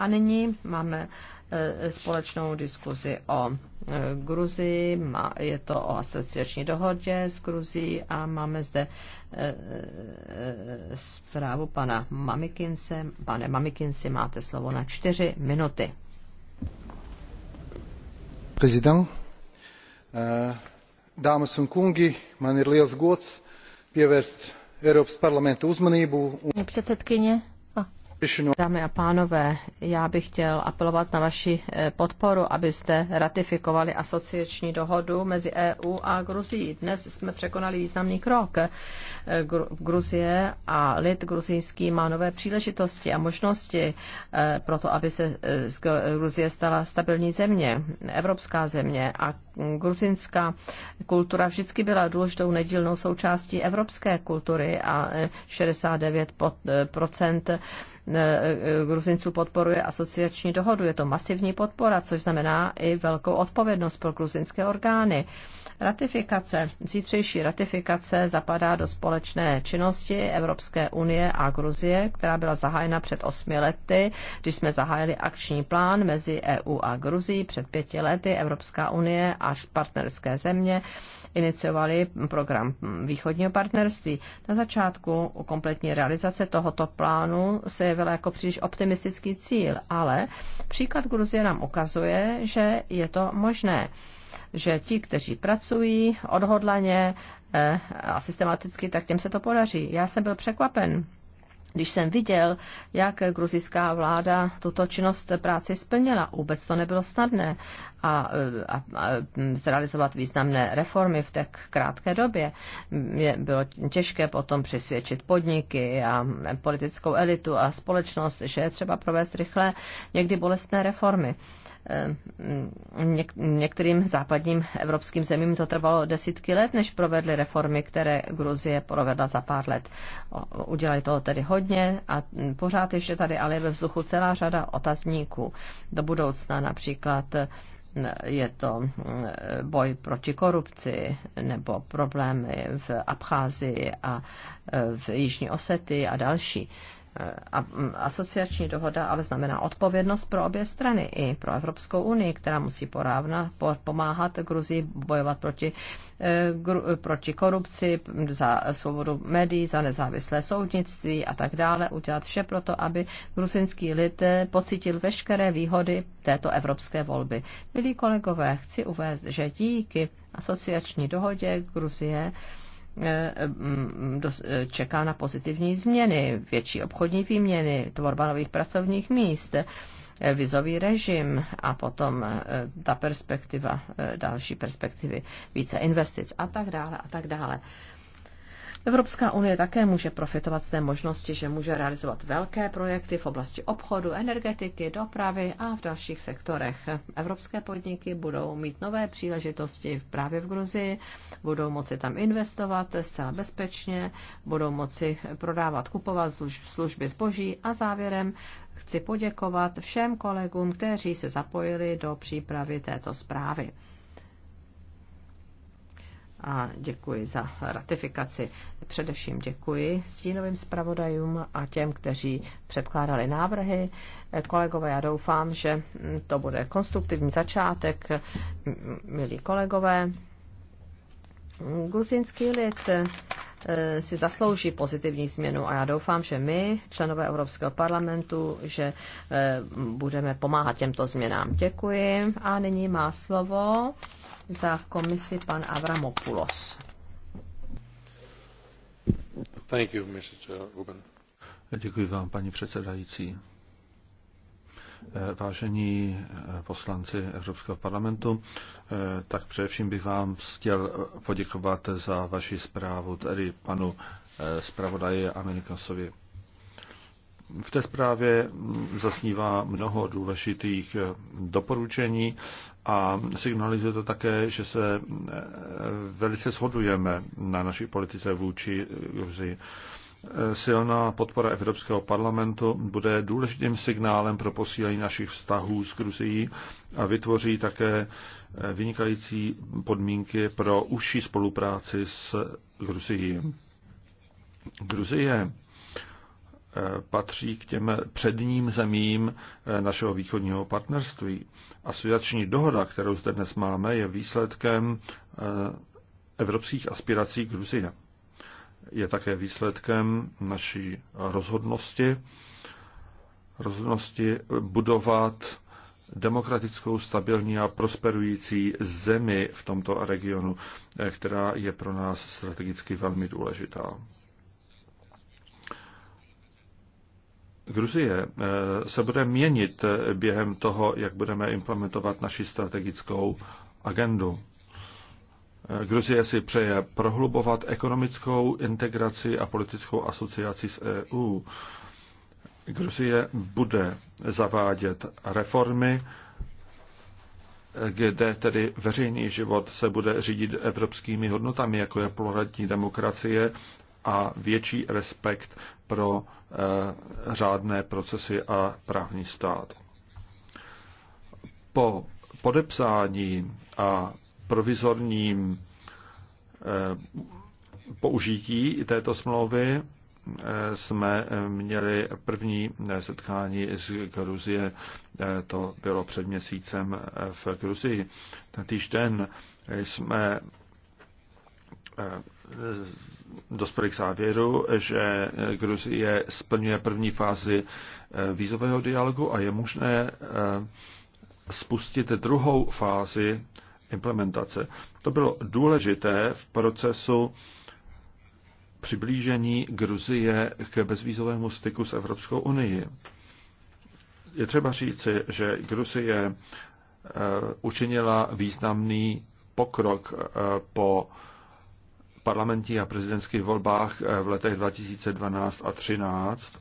A nyní máme e, společnou diskuzi o e, Gruzii, je to o asociační dohodě s Gruzií a máme zde e, zprávu pana Mamikinse. Pane Mamikince, máte slovo na čtyři minuty. Prezident, dámas un kungi, man ir liels gods pievērst Eiropas parlamenta uzmanību. Předsedkyně, Dámy a pánové, já bych chtěl apelovat na vaši eh, podporu, abyste ratifikovali asociační dohodu mezi EU a Gruzií. Dnes jsme překonali významný krok. Eh, Gruzie a lid gruzínský má nové příležitosti a možnosti eh, pro to, aby se z Gruzie stala stabilní země, evropská země. A gruzinská kultura vždycky byla důležitou nedílnou součástí evropské kultury a 69 procent Eh, eh, gruzinců podporuje asociační dohodu. Je to masivní podpora, což znamená i velkou odpovědnost pro gruzinské orgány. Ratifikace, zítřejší ratifikace zapadá do společné činnosti Evropské unie a Gruzie, která byla zahájena před osmi lety, když jsme zahájili akční plán mezi EU a Gruzií před pěti lety Evropská unie a partnerské země iniciovali program východního partnerství. Na začátku u kompletní realizace tohoto plánu se jevil jako příliš optimistický cíl, ale příklad Gruzie nám ukazuje, že je to možné že ti, kteří pracují odhodlaně eh, a systematicky, tak těm se to podaří. Já jsem byl překvapen, když jsem viděl, jak gruzijská vláda tuto činnost práci splnila, vůbec to nebylo snadné a, eh, a, a hm, zrealizovat významné reformy v tak krátké době. Je, bylo těžké potom přesvědčit podniky a hm, politickou elitu a společnost, že je třeba provést rychle někdy bolestné reformy. Eh, mm, některým západním evropským zemím to trvalo desítky let, než provedly reformy, které Gruzie provedla za pár let. Udělali toho tedy hodně a mm, pořád ještě tady ale je ve vzduchu celá řada otazníků do budoucna, například mm, je to boj proti korupci nebo problémy v Abcházii a eh, v Jižní Osety a další. Eh, mm, asociační dohoda ale znamená odpovědnost pro obě strany i pro Evropskou unii, která musí porávna, pomáhat Gruzii bojovat proti, eh, proti korupci, za svobodu médií, za nezávislé soudnictví a tak dále, udělat vše pro to, aby gruzinský lid eh, pocítil veškeré výhody této evropské volby. Milí kolegové, chci uvést, že díky asociační dohodě Gruzie E, e, čeká na pozitivní změny, větší obchodní výměny, tvorba nových pracovních míst, e, vizový režim a potom ta perspektiva, další perspektivy, více investic a tak dále a tak dále. Evropská unie také může profitovat z té možnosti, že může realizovat velké projekty v oblasti obchodu, energetiky, dopravy a v dalších sektorech. Evropské podniky budou mít nové příležitosti právě v Gruzii, budou moci tam investovat zcela bezpečně, budou moci prodávat, kupovat služby zboží a závěrem chci poděkovat všem kolegům, kteří se zapojili do přípravy této zprávy a děkuji za ratifikaci. Především děkuji stínovým zpravodajům a těm, kteří předkládali návrhy. Kolegové, já doufám, že to bude konstruktivní začátek, milí kolegové. Gruzinský lid eh, si zaslouží pozitivní změnu a já doufám, že my, členové Evropského parlamentu, že eh, budeme pomáhat těmto změnám. Děkuji a nyní má slovo za komisi pan Avramopoulos. Thank you, Děkuji vám, paní předsedající. Vážení eh, poslanci Evropského parlamentu, eh, tak především bych vám chtěl poděkovat za vaši zprávu, tedy panu eh, zpravodaji Amerikasovi v té zprávě zasnívá mnoho důležitých doporučení a signalizuje to také, že se eh, velice shodujeme na naší politice vůči Gruzi. Eh, silná podpora Evropského parlamentu bude důležitým signálem pro posílení našich vztahů s Gruzií a vytvoří také eh, vynikající podmínky pro užší spolupráci s Gruzií. Gruzie patří k těm předním zemím eh, našeho východního partnerství. Asociační dohoda, kterou zde dnes máme, je výsledkem eh, evropských aspirací Gruzie. Je také výsledkem naší rozhodnosti, rozhodnosti budovat demokratickou, stabilní a prosperující zemi v tomto regionu, eh, která je pro nás strategicky velmi důležitá. Gruzie eh, se bude měnit eh, během toho, jak budeme implementovat naši strategickou agendu. Eh, Gruzie si přeje prohlubovat ekonomickou integraci a politickou asociaci s EU. Gruzie bude zavádět reformy, kde tedy veřejný život se bude řídit evropskými hodnotami, jako je pluralitní demokracie, a větší respekt pro eh, řádné procesy a právní stát. Po podepsání a provizorním eh, použití této smlouvy eh, jsme měli první setkání z Gruzie. To bylo před měsícem v Gruzii. Týž den jsme dospěli k závěru, že Gruzie splňuje první fázi eh, vízového dialogu a je možné eh, spustit druhou fázi implementace. To bylo důležité v procesu přiblížení Gruzie k bezvízovému styku s Evropskou unii. Je třeba říci, že Gruzie eh, učinila významný pokrok po parlamentních a prezidentských volbách eh, v letech 2012 a 2013.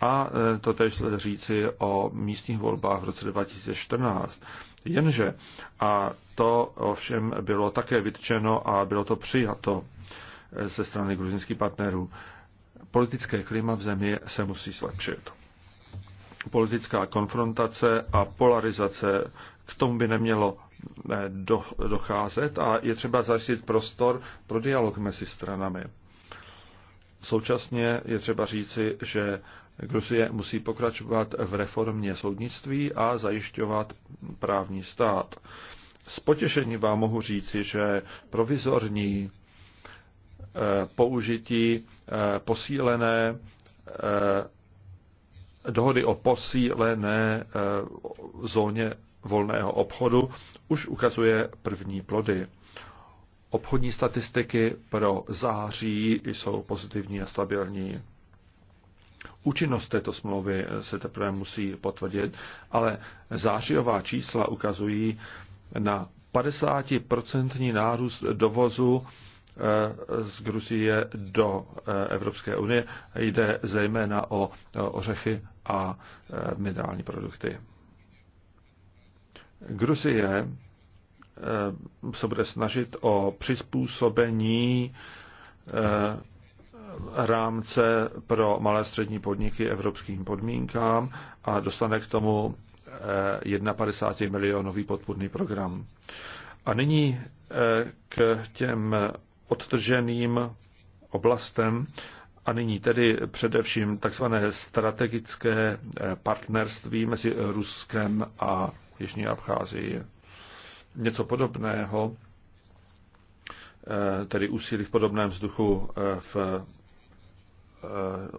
A eh, to tež říci o místních volbách v roce 2014. Jenže, a to ovšem bylo také vytčeno a bylo to přijato eh, ze strany gruzinských partnerů, politické klima v zemi se musí zlepšit. Politická konfrontace a polarizace k tomu by nemělo Eh, do, docházet a je třeba zajistit prostor pro dialog mezi stranami. Současně je třeba říci, že Gruzie musí pokračovat v reformě soudnictví a zajišťovat právní stát. S potěšením vám mohu říci, že provizorní eh, použití eh, posílené dohody o posílené zóně volného obchodu už ukazuje první plody. Obchodní statistiky pro září jsou pozitivní a stabilní. Účinnost této smlouvy se teprve musí potvrdit, ale zářijová čísla ukazují na 50% nárůst dovozu eh, z Gruzie do eh, Evropské unie. Jde zejména o ořechy a eh, minerální produkty. Gruzie eh, se bude snažit o přizpůsobení eh, rámce pro malé střední podniky evropským podmínkám a dostane k tomu 51 eh, milionový podpůrný program. A nyní k těm odtrženým oblastem a nyní tedy především takzvané strategické partnerství mezi Ruskem a Jižní Abcházii. Něco podobného, eh, tedy úsilí v podobném vzduchu eh, v eh,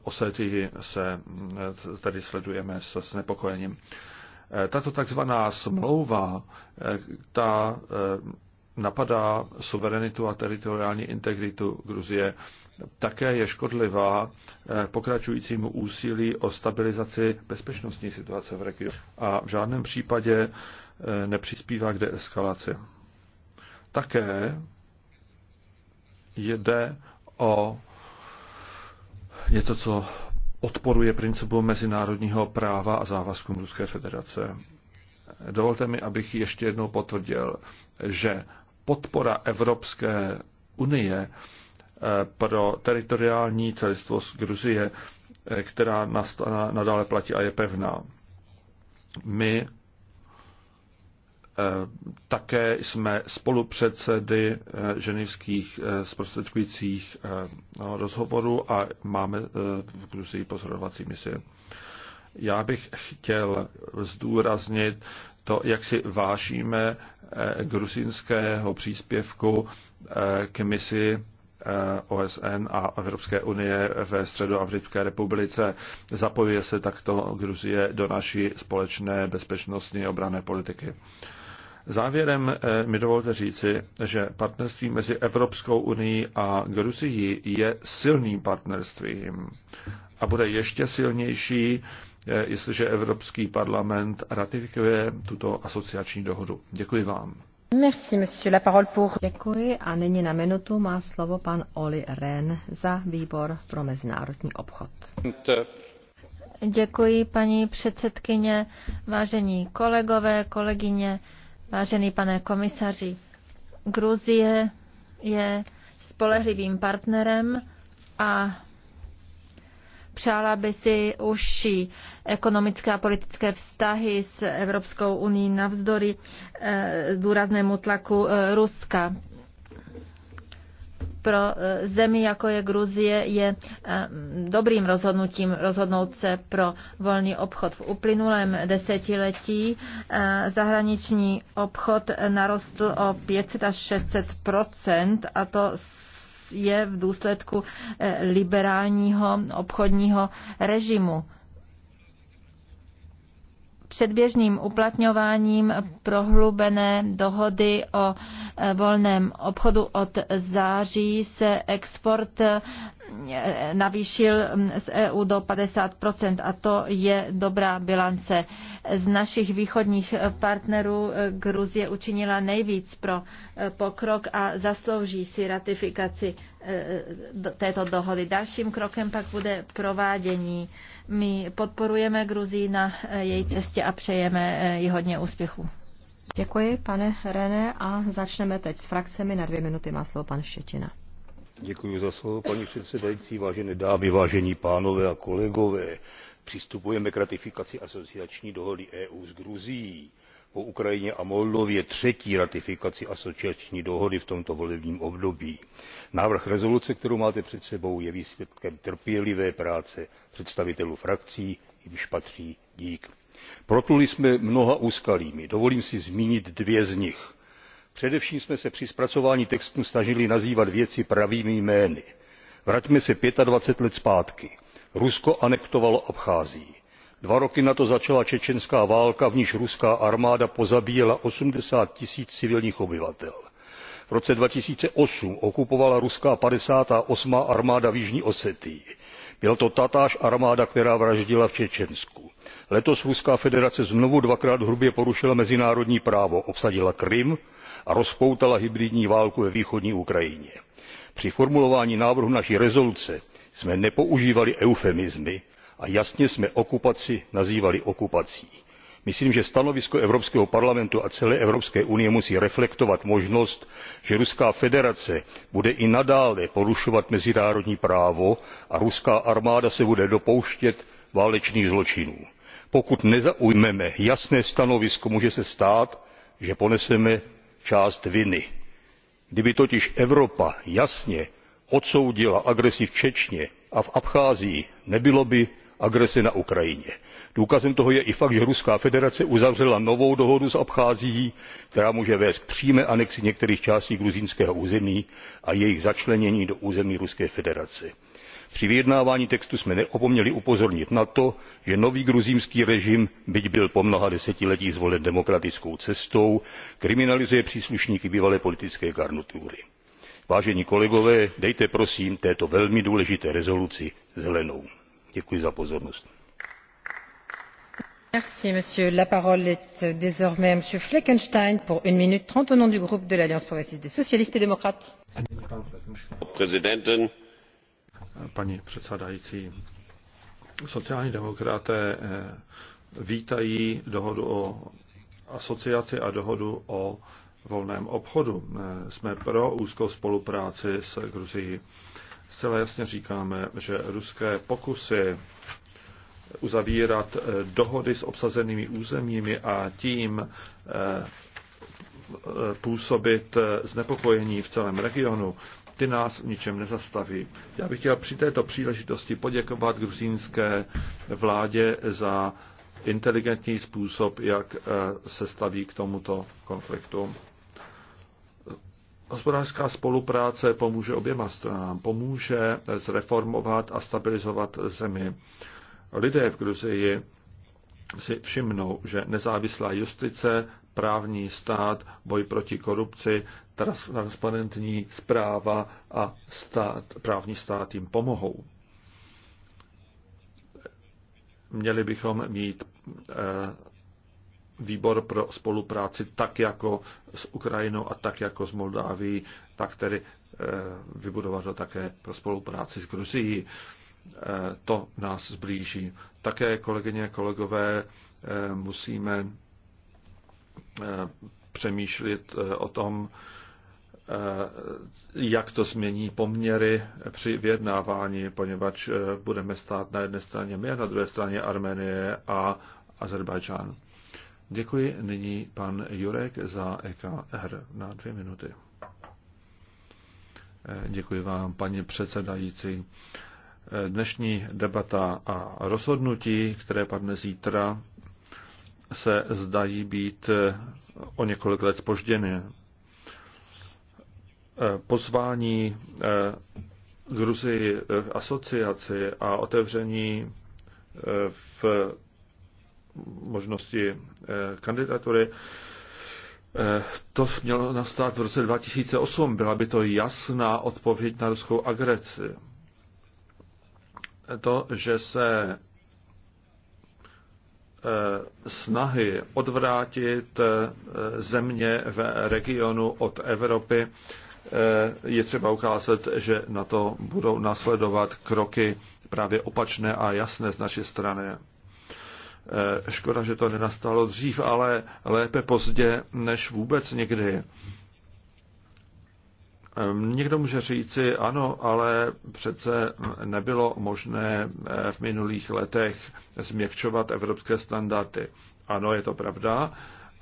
Osetii se tady sledujeme s, s nepokojením. Tato takzvaná smlouva, ta napadá suverenitu a teritoriální integritu Gruzie také je škodlivá eh, pokračujícímu úsilí o stabilizaci bezpečnostní situace v regionu a v žádném případě eh, nepřispívá k deeskalaci. Také jde o něco, co odporuje principu mezinárodního práva a závazkům Ruské federace. Dovolte mi, abych ještě jednou potvrdil, že podpora Evropské unie pro teritoriální celistvost Gruzie, která nadále platí a je pevná. My eh, také jsme spolupředsedy eh, ženevských eh, zprostředkujících no, rozhovorů a máme v Gruzii pozorovací misi. Já bych chtěl zdůraznit to, jak si vážíme gruzinského příspěvku k misi OSN a Evropské unie ve Středoafrické republice. Zapojuje se takto Gruzie do naší společné bezpečnostní obrané politiky. Závěrem eh, mi dovolte říci, že partnerství mezi Evropskou unii a Gruzií je silným partnerstvím a bude ještě silnější, eh, jestliže Evropský parlament ratifikuje tuto asociační dohodu. Děkuji vám. Děkuji a nyní na minutu má slovo pan Oli Ren za výbor pro mezinárodní obchod. Děkuji, paní předsedkyně, vážení kolegové, kolegyně, vážený pane komisaři. Gruzie je spolehlivým partnerem a Přála by si užší ekonomické a politické vztahy s Evropskou unii navzdory eh, důraznému tlaku eh, Ruska pro eh, zemi, jako je Gruzie, je dobrým rozhodnutím rozhodnout se pro volný obchod. V uplynulém desetiletí zahraniční obchod narostl o 500 až 600 a to je v důsledku eh, liberálního obchodního režimu předběžným uplatňováním prohlubené dohody o eh, volném obchodu od září se export eh, navýšil mm, z EU do 50% a to je dobrá bilance. Z našich východních partnerů e, Gruzie učinila nejvíc pro e, pokrok a zaslouží si ratifikaci e, této dohody. Dalším krokem pak bude provádění. My podporujeme Gruzii na její cestě a přejeme jí hodně úspěchů. Děkuji, pane René, a začneme teď s frakcemi. Na dvě minuty má slovo pan Štětina paní předsedající vážené dámy vážení pánové a kolegové přistupujeme k ratifikaci asociační dohody eu s gruzií po ukrajině a moldavsku třetí ratifikaci asociační dohody v tomto volebním období. návrh rezoluce kterou máte před sebou je výsledkem trpělivé práce představitelů frakcí jimž patří dík. propluli jsme mnoha úskalími dovolím si zmínit dvě z nich především jsme se při zpracování textu snažili nazývat věci pravými jmény. vraťme se pětadvacet let zpátky. rusko anektovalo abcházii. dva roky na to začala čečenská válka v níž ruská armáda pozabíjela eighty tisíc civilních obyvatel. v roce two thousand and eight okupovala ruská fifty eight armáda v jižní osetii. byla to tatáž armáda která vraždila v čečensku. letos ruská federace znovu dvakrát hrubě porušila mezinárodní právo obsadila krym a rozpoutala hybridní válku ve východní ukrajině. při formulování návrhu naší rezoluce jsme nepoužívali eufemismy a jasně jsme okupaci nazývali okupací. myslím že stanovisko evropského parlamentu a celé evropské unie musí reflektovat možnost že ruská federace bude i nadále porušovat mezinárodní právo a ruská armáda se bude dopouštět válečných zločinů. pokud nezaujmeme jasné stanovisko může se stát že poneseme část viny. kdyby totiž evropa jasně odsoudila agresi v čečně a v abcházii nebylo by agrese na ukrajině. důkazem toho je i fakt že ruská federace uzavřela novou dohodu s abcházií která může vést k přímé anexi některých částí gruzínského území a jejich začlenění do území ruské federace při vyjednávání textu jsme neopomněli upozornit na to že nový gruzínský režim byť byl po mnoha desetiletích zvolen demokratickou cestou kriminalizuje příslušníky bývalé politické garnitury. vážení kolegové dejte prosím této velmi důležité rezoluci zelenou. děkuji za pozornost. Frau Präsidentin! paní předsedající. Sociální demokraté eh, vítají dohodu o asociaci a dohodu o volném obchodu. Eh, jsme pro úzkou spolupráci s Gruzií. Zcela jasně říkáme, že ruské pokusy uzavírat eh, dohody s obsazenými územími a tím působit znepokojení v celém regionu, ty nás v ničem nezastaví. Já bych chtěl při této příležitosti poděkovat gruzínské vládě za inteligentní způsob, jak eh, se staví k tomuto konfliktu. Hospodářská spolupráce pomůže oběma stranám. Pomůže zreformovat a stabilizovat zemi. Lidé v Gruzii si všimnou, že nezávislá justice, právní stát, boj proti korupci transparentní zpráva a stát, právní stát jim pomohou. Měli bychom mít eh, výbor pro spolupráci tak jako s Ukrajinou a tak jako s Moldávií, tak tedy eh, vybudovat ho také pro spolupráci s Gruzií. Eh, to nás zblíží. Také, kolegyně a kolegové, musíme přemýšlet o tom, Eh, jak to změní poměry při vyjednávání, poněvadž eh, budeme stát na jedné straně my a na druhé straně Arménie a Azerbajdžán. Děkuji nyní pan Jurek za EKR na dvě minuty. Eh, děkuji vám, paní předsedající. Dnešní debata a rozhodnutí, které padne zítra, se zdají být o několik let spožděné. Eh, pozvání eh, Gruzii v eh, asociaci a otevření v možnosti kandidatury. To mělo nastat v roce 2008. Byla by to jasná odpověď na ruskou agresi. To, že se snahy odvrátit země v regionu od Evropy Eh, je třeba ukázat, že na to budou následovat kroky právě opačné a jasné z naší strany. Eh, škoda, že to nenastalo dřív, ale lépe pozdě než vůbec někdy. Ehm, někdo může říci, ano, ale přece nebylo možné eh, v minulých letech změkčovat evropské standardy. Ano, je to pravda,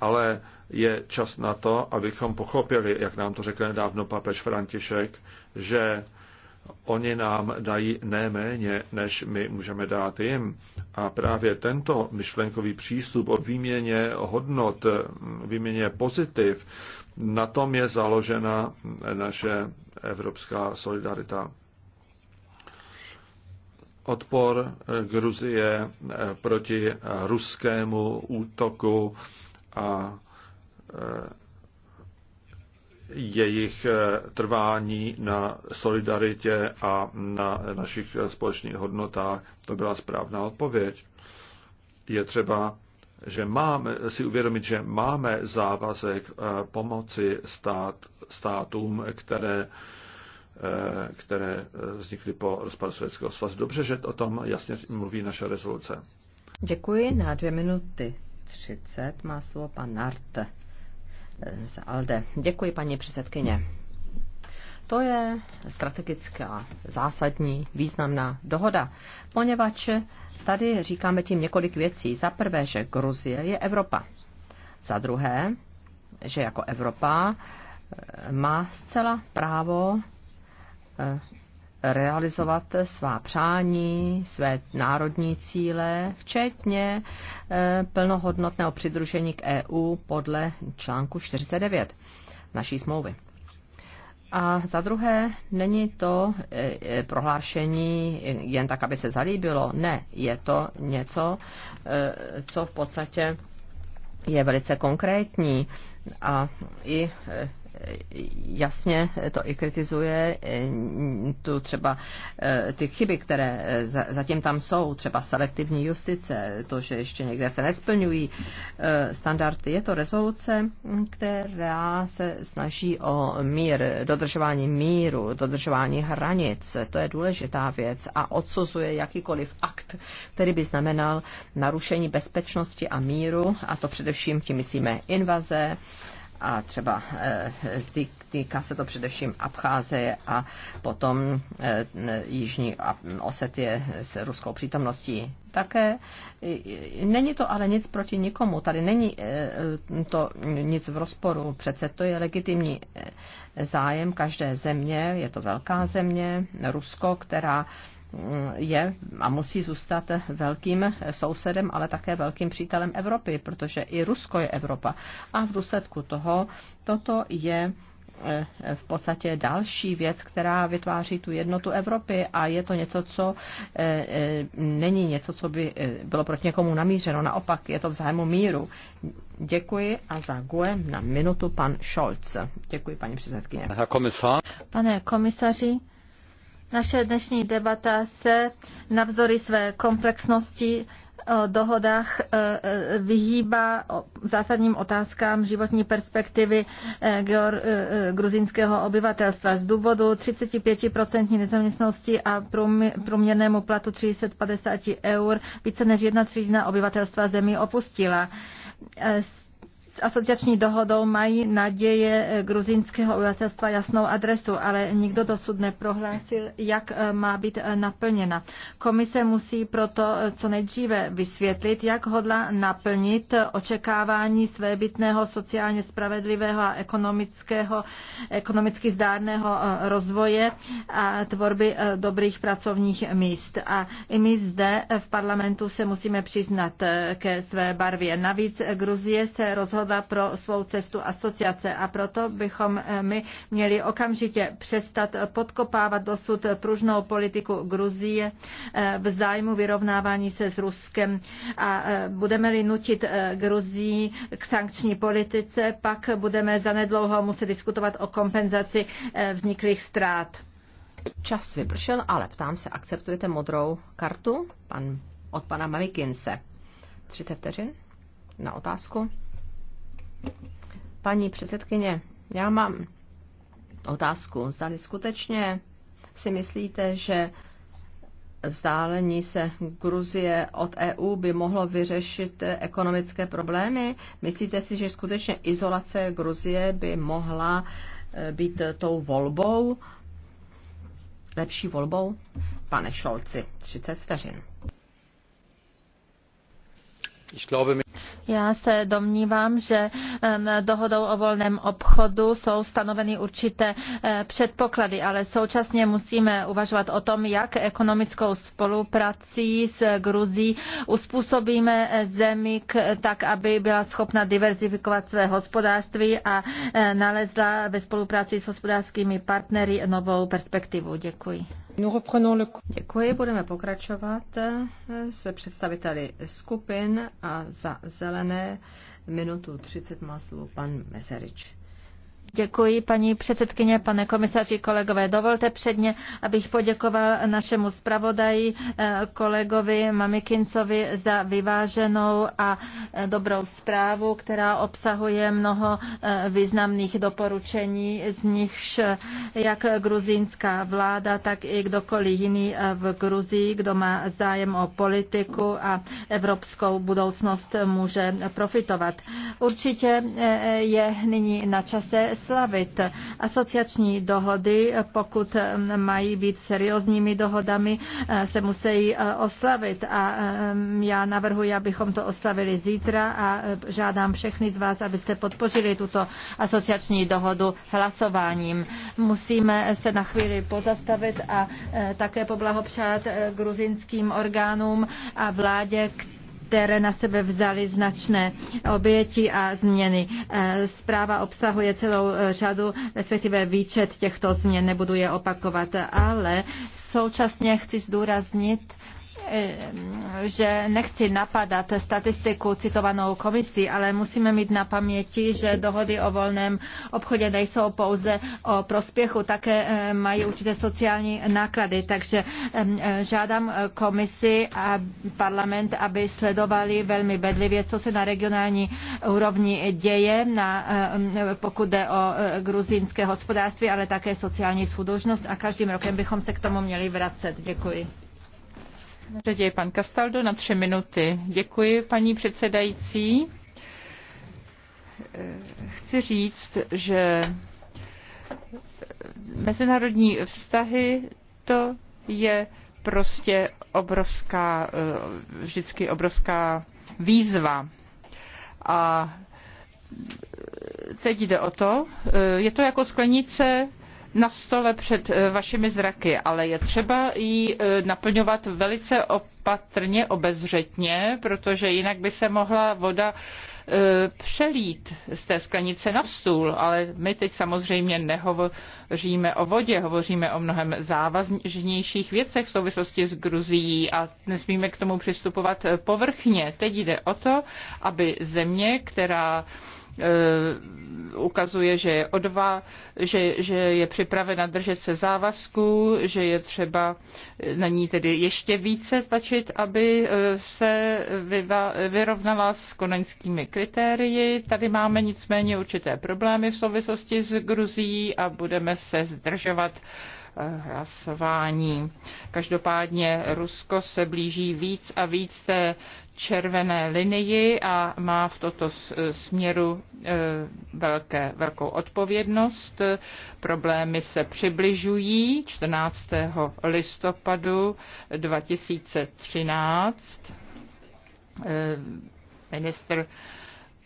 ale je čas na to, abychom pochopili, jak nám to řekl nedávno papež František, že oni nám dají neméně, než my můžeme dát jim. A právě tento myšlenkový přístup o výměně hodnot, výměně pozitiv, na tom je založena naše evropská solidarita. Odpor Gruzie proti ruskému útoku a e, jejich e, trvání na solidaritě a na našich společných hodnotách, to byla správná odpověď. Je třeba že máme, si uvědomit, že máme závazek e, pomoci stát, státům, které, které vznikly po rozpadu Sovětského svazu. Dobře, že o tom jasně mluví naše rezoluce. Děkuji na dvě minuty. 30 má slovo pan Nart eh, z ALDE. Děkuji, paní předsedkyně. To je strategická, zásadní, významná dohoda, poněvadž tady říkáme tím několik věcí. Za prvé, že Gruzie je Evropa. Za druhé, že jako Evropa eh, má zcela právo eh, realizovat svá přání, své národní cíle, včetně eh, plnohodnotného přidružení k EU podle článku 49 naší smlouvy. A za druhé, není to eh, prohlášení jen tak, aby se zalíbilo. Ne, je to něco, eh, co v podstatě je velice konkrétní a i jasně to i kritizuje, tu třeba eh, ty chyby, které eh, zatím tam jsou, třeba selektivní justice, to, že ještě někde se nesplňují eh, standardy. Je to rezoluce, která se snaží o mír, dodržování míru, dodržování hranic, to je důležitá věc a odsuzuje jakýkoliv akt, který by znamenal narušení bezpečnosti a míru, a to především tím myslíme invaze, a třeba eh, týká se to především Abcházeje a potom eh, Jižní Osetie s ruskou přítomností. Také eh, není to ale nic proti nikomu. Tady není to nic v rozporu. Přece to je legitimní zájem každé země. Je to velká země, Rusko, která je a musí zůstat velkým sousedem, ale také velkým přítelem Evropy, protože i Rusko je Evropa. A v důsledku toho toto je eh, v podstatě další věc, která vytváří tu jednotu Evropy a je to něco, co eh, eh, není něco, co by bylo proti někomu namířeno. Naopak je to v zájmu míru. Děkuji a za GUE na minutu pan Scholz. Děkuji, paní předsedkyně. Pane komisaři, naše dnešní debata se navzory své komplexnosti o dohodách e, e, vyhýbá zásadním otázkám životní perspektivy e, gruzinského obyvatelstva z důvodu 35% nezaměstnosti a průměrnému platu 350 eur více než jedna třetina obyvatelstva zemi opustila asociační dohodou mají naděje eh, gruzínského obyvatelstva jasnou adresu, ale nikdo dosud neprohlásil, jak eh, má být eh, naplněna. Komise musí proto co nejdříve vysvětlit, jak hodla naplnit očekávání svébytného sociálně spravedlivého a ekonomického, ekonomicky zdárného rozvoje a tvorby dobrých pracovních míst. A i my zde v parlamentu se musíme přiznat ke své barvě. Navíc Gruzie se rozhodla rozhodla pro svou cestu asociace a proto bychom eh, my měli okamžitě přestat podkopávat dosud pružnou politiku Gruzie eh, v zájmu vyrovnávání se s Ruskem a eh, budeme-li nutit Gruzii k sankční politice, pak budeme zanedlouho muset diskutovat o kompenzaci vzniklých ztrát. Čas vypršel, ale ptám se, akceptujete modrou kartu pan, od pana Mavikince? 30 vteřin na otázku. Paní předsedkyně, já mám otázku. Zdali skutečně si myslíte, že vzdálení se Gruzie od EU by mohlo vyřešit ekonomické problémy? Myslíte si, že skutečně izolace Gruzie by mohla eh, být tou volbou, lepší volbou? Pane Šolci, 30 vteřin. Ich glaube, já se domnívám, že dohodou o volném obchodu jsou stanoveny určité eh, předpoklady, ale současně musíme uvažovat o tom, jak ekonomickou spoluprací s Gruzí uspůsobíme eh, zemi tak, aby byla schopna diverzifikovat své hospodářství a eh, nalezla ve spolupráci s hospodářskými partnery novou perspektivu. Děkuji. Děkuji, budeme pokračovat se představiteli skupin a za zelené minutu 30 má slovo pan Meserič. Děkuji, paní předsedkyně, pane komisaři, kolegové. Dovolte předně, abych poděkoval našemu zpravodaji, eh, kolegovi Mamikincovi za vyváženou a eh, dobrou zprávu, která obsahuje mnoho eh, významných doporučení, z nichž jak gruzínská vláda, tak i kdokoliv jiný v Gruzii, kdo má zájem o politiku a evropskou budoucnost, může profitovat. Určitě je nyní na čase slavit. Asociační dohody, pokud mají být seriózními dohodami, se musí eh, oslavit a eh, já navrhuji, abychom to oslavili zítra a eh, žádám všechny z vás, abyste podpořili tuto asociační dohodu hlasováním. Musíme se na chvíli pozastavit a také poblahopřát gruzinským orgánům a vládě, které na sebe vzali značné oběti a změny. Eh, zpráva obsahuje celou eh, řadu, respektive výčet těchto změn, nebudu je opakovat, ale současně chci zdůraznit, že nechci napadat statistiku citovanou komisí, ale musíme mít na paměti, že dohody o volném obchodě nejsou pouze o prospěchu, také eh, mají určité sociální náklady. Takže eh, žádám komisi a parlament, aby sledovali velmi bedlivě, co se na regionální úrovni děje, na, eh, pokud jde o gruzínské hospodářství, ale také sociální schudožnost a každým rokem bychom se k tomu měli vracet. Děkuji pan na tři minuty. Děkuji, paní předsedající. Chci říct, že mezinárodní vztahy to je prostě obrovská, vždycky obrovská výzva. A teď jde o to, je to jako sklenice na stole před eh, vašimi zraky, ale je třeba ji eh, naplňovat velice opatrně, obezřetně, protože jinak by se mohla voda eh, přelít z té sklenice na stůl, ale my teď samozřejmě nehovoříme o vodě, hovoříme o mnohem závažnějších věcech v souvislosti s Gruzií a nesmíme k tomu přistupovat povrchně. Teď jde o to, aby země, která Eh, ukazuje, že je odva, že, že je připravena držet se závazků, že je třeba eh, na ní tedy ještě více tlačit, aby eh, se vyrovnala s konaňskými kritérii. Tady máme nicméně určité problémy v souvislosti s Gruzí a budeme se zdržovat hlasování. Každopádně Rusko se blíží víc a víc té červené linii a má v toto e, směru e, velké, velkou odpovědnost. Problémy se přibližují 14. listopadu 2013. E, Minister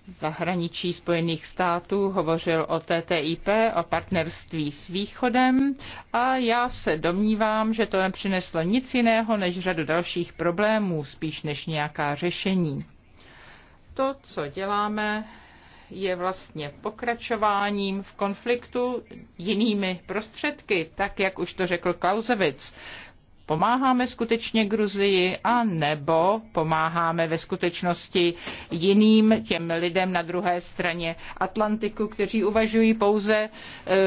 zahraničí Spojených států hovořil o TTIP, o partnerství s Východem a já se domnívám, že to nepřineslo nic jiného než řadu dalších problémů, spíš než nějaká řešení. To, co děláme, je vlastně pokračováním v konfliktu jinými prostředky, tak jak už to řekl Klausewitz pomáháme skutečně Gruzii a nebo pomáháme ve skutečnosti jiným těm lidem na druhé straně Atlantiku, kteří uvažují pouze e,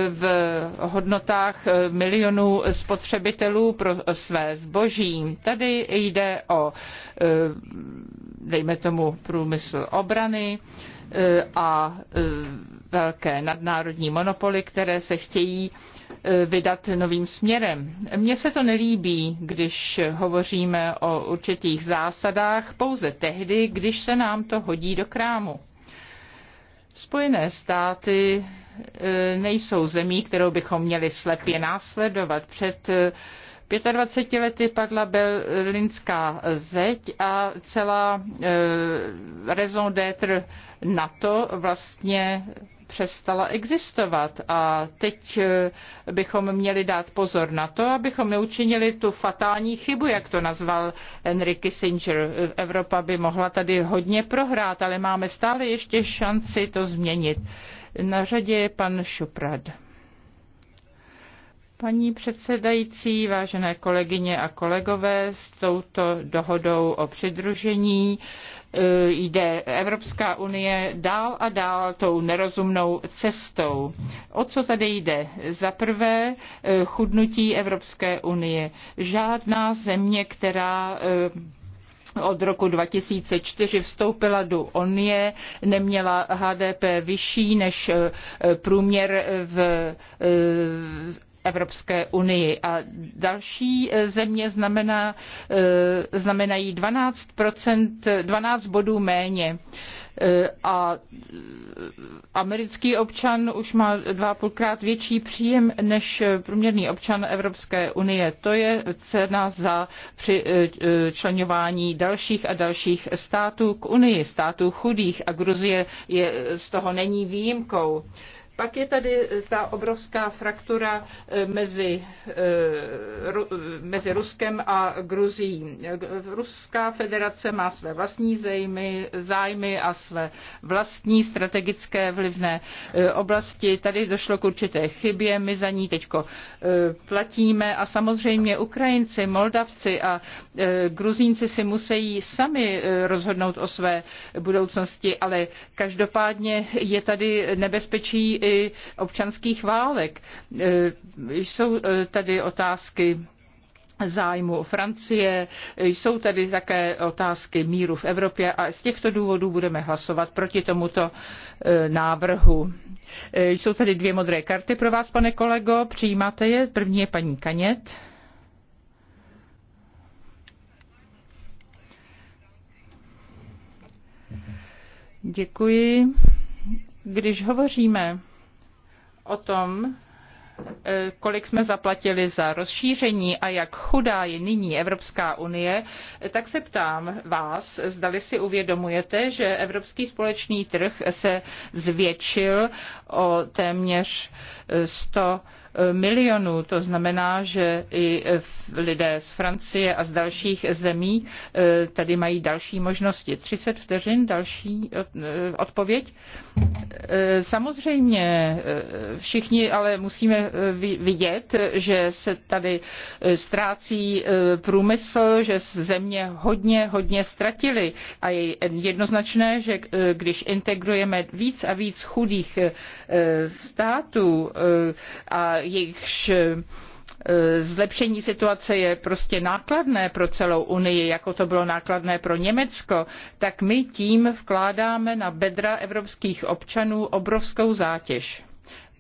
v hodnotách e, milionů spotřebitelů pro své zboží. Tady jde o, e, dejme tomu, průmysl obrany, a velké nadnárodní monopoly, které se chtějí E, vydat novým směrem. Mně se to nelíbí, když hovoříme o určitých zásadách pouze tehdy, když se nám to hodí do krámu. Spojené státy e, nejsou zemí, kterou bychom měli slepě následovat. Před 25 e, lety padla berlínská zeď a celá raison d'être NATO vlastně přestala existovat. A teď eh, bychom měli dát pozor na to, abychom neučinili tu fatální chybu, jak to nazval Henry Kissinger. Evropa by mohla tady hodně prohrát, ale máme stále ještě šanci to změnit. Na řadě je pan Šuprad. Paní předsedající, vážené kolegyně a kolegové, s touto dohodou o přidružení Eh, jde Evropská unie dál a dál tou nerozumnou cestou. O co tady jde? Za prvé eh, chudnutí Evropské unie. Žádná země, která eh, od roku 2004 vstoupila do Unie, neměla HDP vyšší než průměr v Evropské unii. A další eh, země znamená, eh, znamenají 12, 12 bodů méně eh, a americký občan už má dva půlkrát větší příjem než průměrný občan Evropské unie. To je cena za členování dalších a dalších států k unii, států chudých a Gruzie je, z toho není výjimkou. Pak je tady eh, ta obrovská fraktura eh, mezi, eh, mezi Ruskem a Gruzí. Ruská federace má své vlastní zájmy, zájmy a své vlastní strategické vlivné oblasti. Tady došlo k určité chybě, my za ní teď platíme a samozřejmě Ukrajinci, Moldavci a Gruzínci si musí sami rozhodnout o své budoucnosti, ale každopádně je tady nebezpečí i občanských válek. E, jsou e, tady otázky zájmu o Francie. Jsou tady také otázky míru v Evropě a z těchto důvodů budeme hlasovat proti tomuto e, návrhu. Jsou tady dvě modré karty pro vás, pane kolego. Přijímáte je? První je paní Kanět. Děkuji. Když hovoříme o tom, eh, kolik jsme zaplatili za rozšíření a jak chudá je nyní Evropská unie, eh, tak se ptám vás, zdali si uvědomujete, že Evropský společný trh se zvětšil o téměř 100 eh, milionů. To znamená, že i lidé z Francie a z dalších zemí eh, tady mají další možnosti. 30 vteřin, další eh, odpověď. Eh, samozřejmě všichni ale musíme vidět, že se tady ztrácí průmysl, že země hodně, hodně ztratily. a je jednoznačné, že když integrujeme víc a víc chudých států a jejichž e, zlepšení situace je prostě nákladné pro celou Unii, jako to bylo nákladné pro Německo, tak my tím vkládáme na bedra evropských občanů obrovskou zátěž.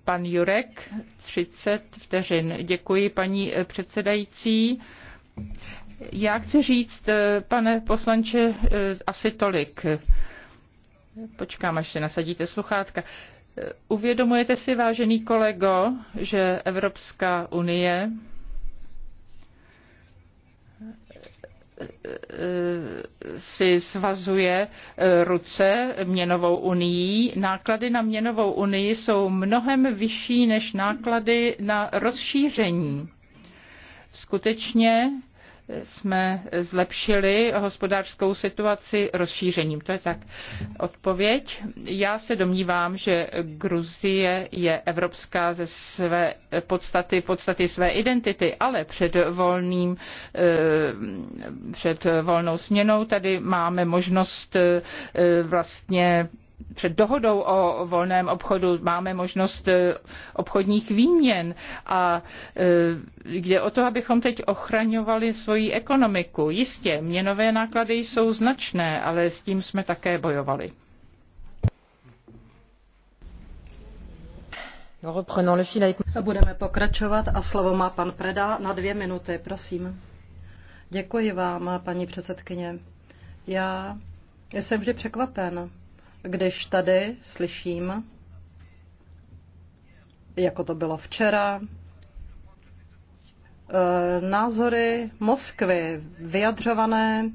Pan Jurek, 30 vteřin. Děkuji, paní e, předsedající. Já chci říct, e, pane poslanče, asi tolik. Počkám, až se nasadíte sluchátka. Uvědomujete si, vážený kolego, že Evropská unie eh, si svazuje eh, ruce měnovou unii. Náklady na měnovou unii jsou mnohem vyšší než náklady na rozšíření. Skutečně jsme zlepšili hospodářskou situaci rozšířením. To je tak odpověď. Já se domnívám, že Gruzie je evropská ze své podstaty, podstaty své identity, ale před, volným, eh, před volnou směnou tady máme možnost eh, vlastně před dohodou o volném obchodu máme možnost e, obchodních výměn a e, jde o to, abychom teď ochraňovali svoji ekonomiku. Jistě, měnové náklady jsou značné, ale s tím jsme také bojovali. No, Budeme pokračovat a slovo má pan Preda na dvě minuty, prosím. Děkuji vám, paní předsedkyně. Já jsem vždy překvapen, když tady slyším, jako to bylo včera, eh, názory Moskvy vyjadřované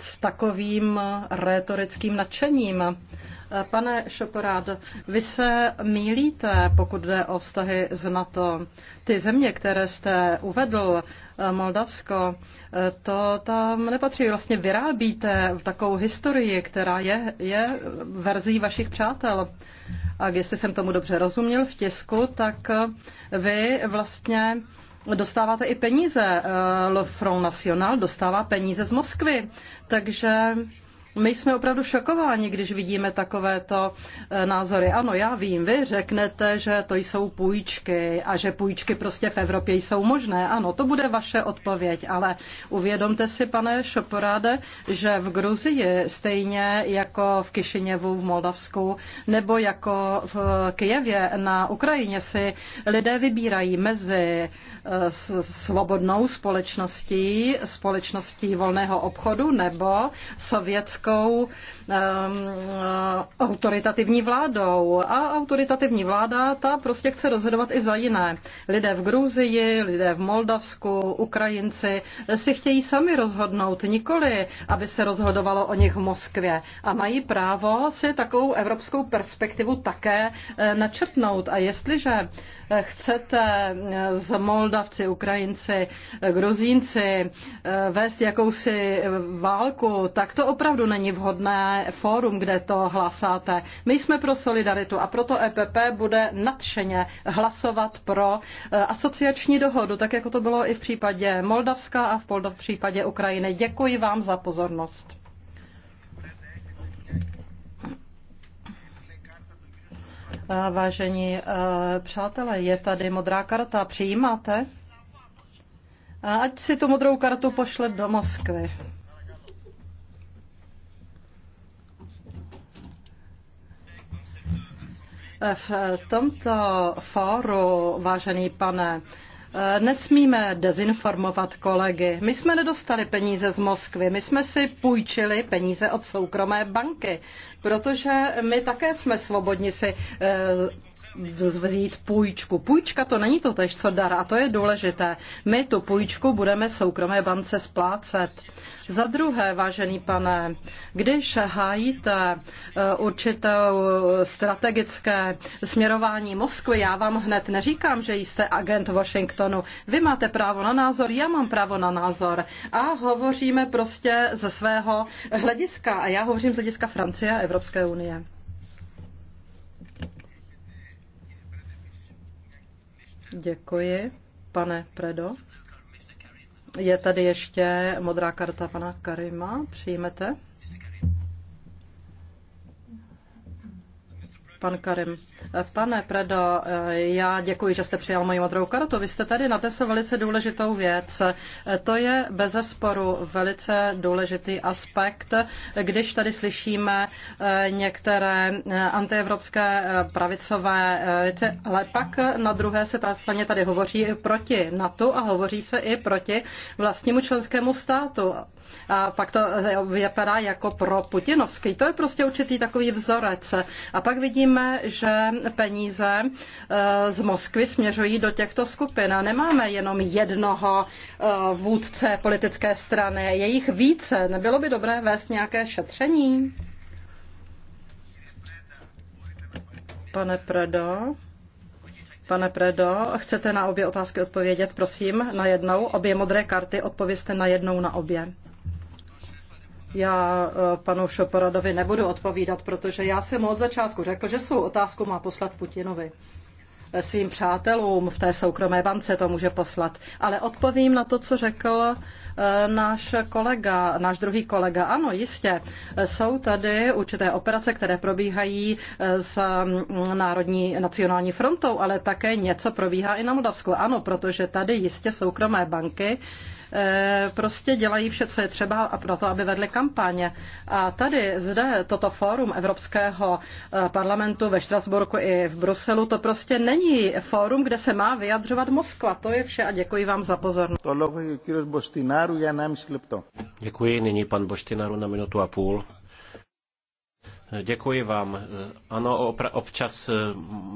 s takovým rétorickým nadšením. Pane Šoporád, vy se mílíte, pokud jde o vztahy z NATO. Ty země, které jste uvedl, eh, Moldavsko, eh, to tam nepatří. Vlastně vyrábíte takovou historii, která je, je verzí vašich přátel. A jestli jsem tomu dobře rozuměl v tisku, tak eh, vy vlastně dostáváte i peníze. Le Front National dostává peníze z Moskvy. Takže my jsme opravdu šokováni, když vidíme takovéto e, názory. Ano, já vím, vy řeknete, že to jsou půjčky a že půjčky prostě v Evropě jsou možné. Ano, to bude vaše odpověď, ale uvědomte si, pane Šoporáde, že v Gruzii stejně jako v Kišiněvu v Moldavsku nebo jako v Kijevě na Ukrajině si lidé vybírají mezi e, svobodnou společností, společností volného obchodu nebo sovětskou politickou Ehm, eh, autoritativní vládou. A autoritativní vláda, ta prostě chce rozhodovat i za jiné. Lidé v Gruzii, lidé v Moldavsku, Ukrajinci si chtějí sami rozhodnout, nikoli, aby se rozhodovalo o nich v Moskvě. A mají právo si takovou evropskou perspektivu také eh, načrtnout. A jestliže eh, chcete z Moldavci, Ukrajinci, Gruzínci vést jakousi válku, tak to opravdu není vhodné fórum, kde to hlasáte. My jsme pro solidaritu a proto EPP bude nadšeně hlasovat pro eh, asociační dohodu, tak jako to bylo i v případě Moldavska a v, v případě Ukrajiny. Děkuji vám za pozornost. Eh, vážení eh, přátelé, je tady modrá karta, přijímáte? Ať si tu modrou kartu pošle do Moskvy. V tomto fóru, vážený pane, nesmíme dezinformovat kolegy. My jsme nedostali peníze z Moskvy, my jsme si půjčili peníze od soukromé banky, protože my také jsme svobodni si eh, vzít půjčku. Půjčka to není to tež, co dar a to je důležité. My tu půjčku budeme soukromé bance splácet. Za druhé, vážený pane, když hájíte eh, určitou eh, strategické směrování Moskvy, já vám hned neříkám, že jste agent Washingtonu. Vy máte právo na názor, já mám právo na názor. A hovoříme prostě ze svého hlediska. A já hovořím z hlediska Francie a Evropské unie. Děkuji, pane Predo. Je tady ještě modrá karta pana Karima. Přijmete? pan Karim. Pane Predo, já děkuji, že jste přijal moji modrou kartu. Vy jste tady nadesl velice důležitou věc. To je bez bezesporu velice důležitý aspekt, když tady slyšíme eh, některé eh, antievropské eh, pravicové věci, ale pak na druhé se ta straně tady hovoří proti NATO a hovoří se i proti vlastnímu členskému státu. A pak to eh, vypadá jako pro Putinovský. To je prostě určitý takový vzorec. A pak vidíme, že peníze eh, z Moskvy směřují do těchto skupin. A nemáme jenom jednoho eh, vůdce politické strany. Je jich více. Nebylo by dobré vést nějaké šetření? Pane Predo. Pane Predo, chcete na obě otázky odpovědět, prosím, na jednou. Obě modré karty odpověste na jednou na obě. Já eh, panu Šoporadovi nebudu odpovídat, protože já jsem od začátku řekl, že svou otázku má poslat Putinovi eh, svým přátelům v té soukromé bance to může poslat. Ale odpovím na to, co řekl eh, náš kolega, náš druhý kolega. Ano, jistě, jsou tady určité operace, které probíhají s mm, Národní nacionální frontou, ale také něco probíhá i na Moldavsku. Ano, protože tady jistě soukromé banky Eh, prostě dělají vše, co je třeba a proto, aby vedli kampaně. A tady zde toto fórum Evropského eh, parlamentu ve Štrasburku i v Bruselu, to prostě není fórum, kde se má vyjadřovat Moskva. To je vše a děkuji vám za pozornost. Děkuji, nyní pan Boštinaru na minutu a půl. Eh, děkuji vám. Ano, občas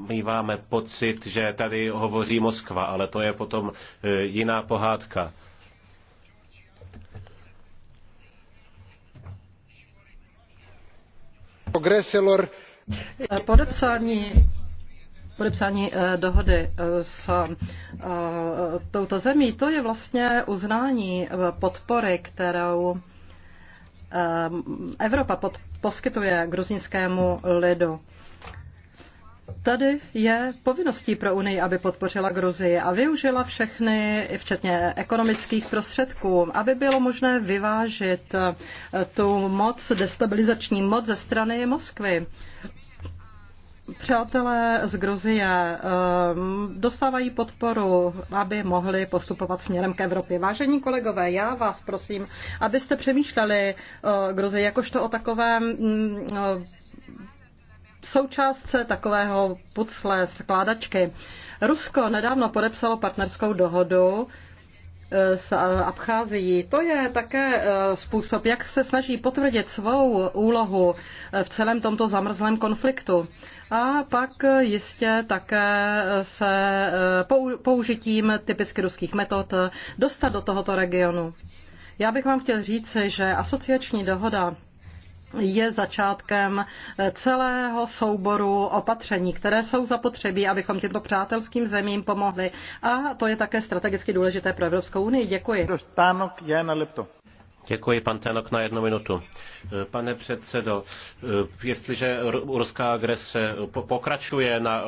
míváme pocit, že tady hovoří Moskva, ale to je potom jiná pohádka. progreselor podepsání podepsání eh, dohody eh, s eh, touto zemí, to je vlastně uznání podpory, kterou Evropa pod, poskytuje gruzinskému lidu. Tady je povinností pro Unii, aby podpořila Gruzii a využila všechny, včetně ekonomických prostředků, aby bylo možné vyvážit eh, tu moc, destabilizační moc ze strany Moskvy. Přátelé z Gruzie eh, dostávají podporu, aby mohli postupovat směrem k Evropě. Vážení kolegové, já vás prosím, abyste přemýšleli eh, Gruzii jakožto o takovém mm, součástce takového pucle skládačky. Rusko nedávno podepsalo partnerskou dohodu e, s e, Abcházií. To je také e, způsob, jak se snaží potvrdit svou úlohu v celém tomto zamrzlém konfliktu. A pak jistě také se použitím typicky ruských metod dostat do tohoto regionu. Já bych vám chtěl říct, že asociační dohoda je začátkem celého souboru opatření, které jsou zapotřebí, abychom těmto přátelským zemím pomohli. A to je také strategicky důležité pro Evropskou unii. Děkuji. Děkuji, pan Tenok, na jednu minutu. Pane předsedo, jestliže ruská agrese pokračuje na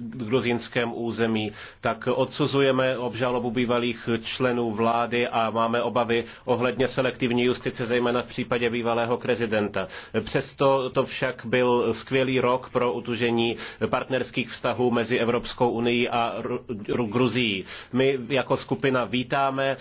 gruzínském území, tak odsuzujeme obžalobu bývalých členů vlády a máme obavy ohledně selektivní justice, zejména v případě bývalého prezidenta. Přesto to však byl skvělý rok pro utužení partnerských vztahů mezi Evropskou unii a Gruzií. My jako skupina vítáme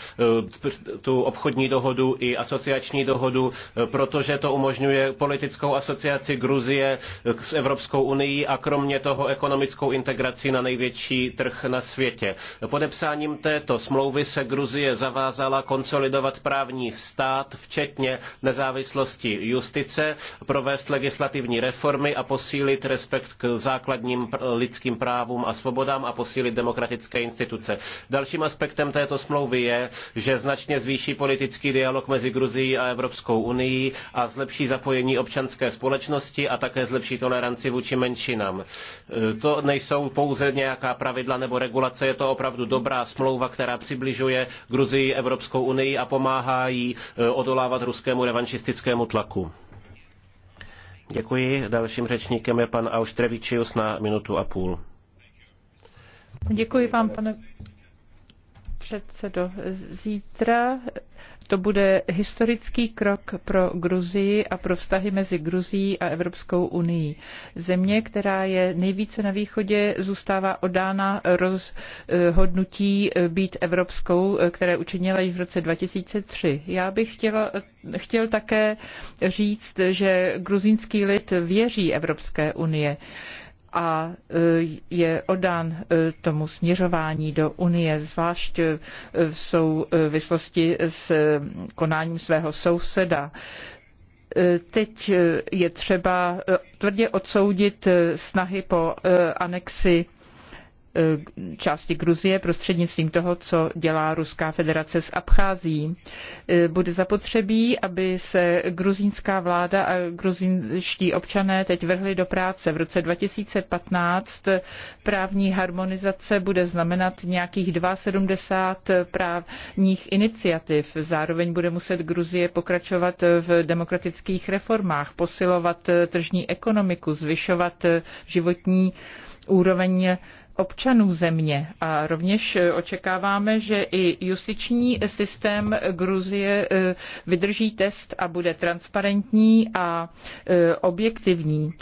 eh, tu obchodní dohodu i asociační dohodu, eh, protože to umožňuje politickou asociaci Gruzie eh, s Evropskou unii a kromě toho ekonomickou integraci na největší trh na světě. Podepsáním této smlouvy se Gruzie zavázala konsolidovat právní stát, včetně nezávislosti justice, provést legislativní reformy a posílit respekt k základním lidským právům a svobodám a posílit demokratické instituce. Dalším aspektem této smlouvy je, že značně zvýší politický dialog mezi Gruzií a Evropskou unii a zlepší zapojení občanské společnosti a také zlepší toleranci vůči menšinám. E, to nejsou pouze nějaká pravidla nebo regulace, je to opravdu dobrá smlouva, která přibližuje Gruzii Evropskou unii a pomáhá jí e, odolávat ruskému revanšistickému tlaku. Děkuji. Dalším řečníkem je pan Auštrevičius na minutu a půl. Děkuji vám, pane předsedo. Zítra to bude historický krok pro Gruzii a pro vztahy mezi Gruzií a Evropskou unii. Země, která je nejvíce na východě, zůstává odána rozhodnutí být evropskou, které učinila již v roce 2003. Já bych chtěla, chtěl také říct, že gruzínský lid věří Evropské unie a e, je oddán e, tomu směřování do Unie, zvlášť e, v souvislosti s konáním svého souseda teď je třeba tvrdě odsoudit snahy po anexi Eh, části Gruzie prostřednictvím toho, co dělá Ruská federace s Abchází. Eh, bude zapotřebí, aby se gruzínská vláda a gruzínští občané teď vrhli do práce. V roce 2015 právní harmonizace bude znamenat nějakých 270 právních iniciativ. Zároveň bude muset Gruzie pokračovat v demokratických reformách, posilovat eh, tržní ekonomiku, zvyšovat životní úroveň občanů země a rovněž eh, očekáváme, že i justiční systém Gruzie eh, vydrží test a bude transparentní a eh, objektivní.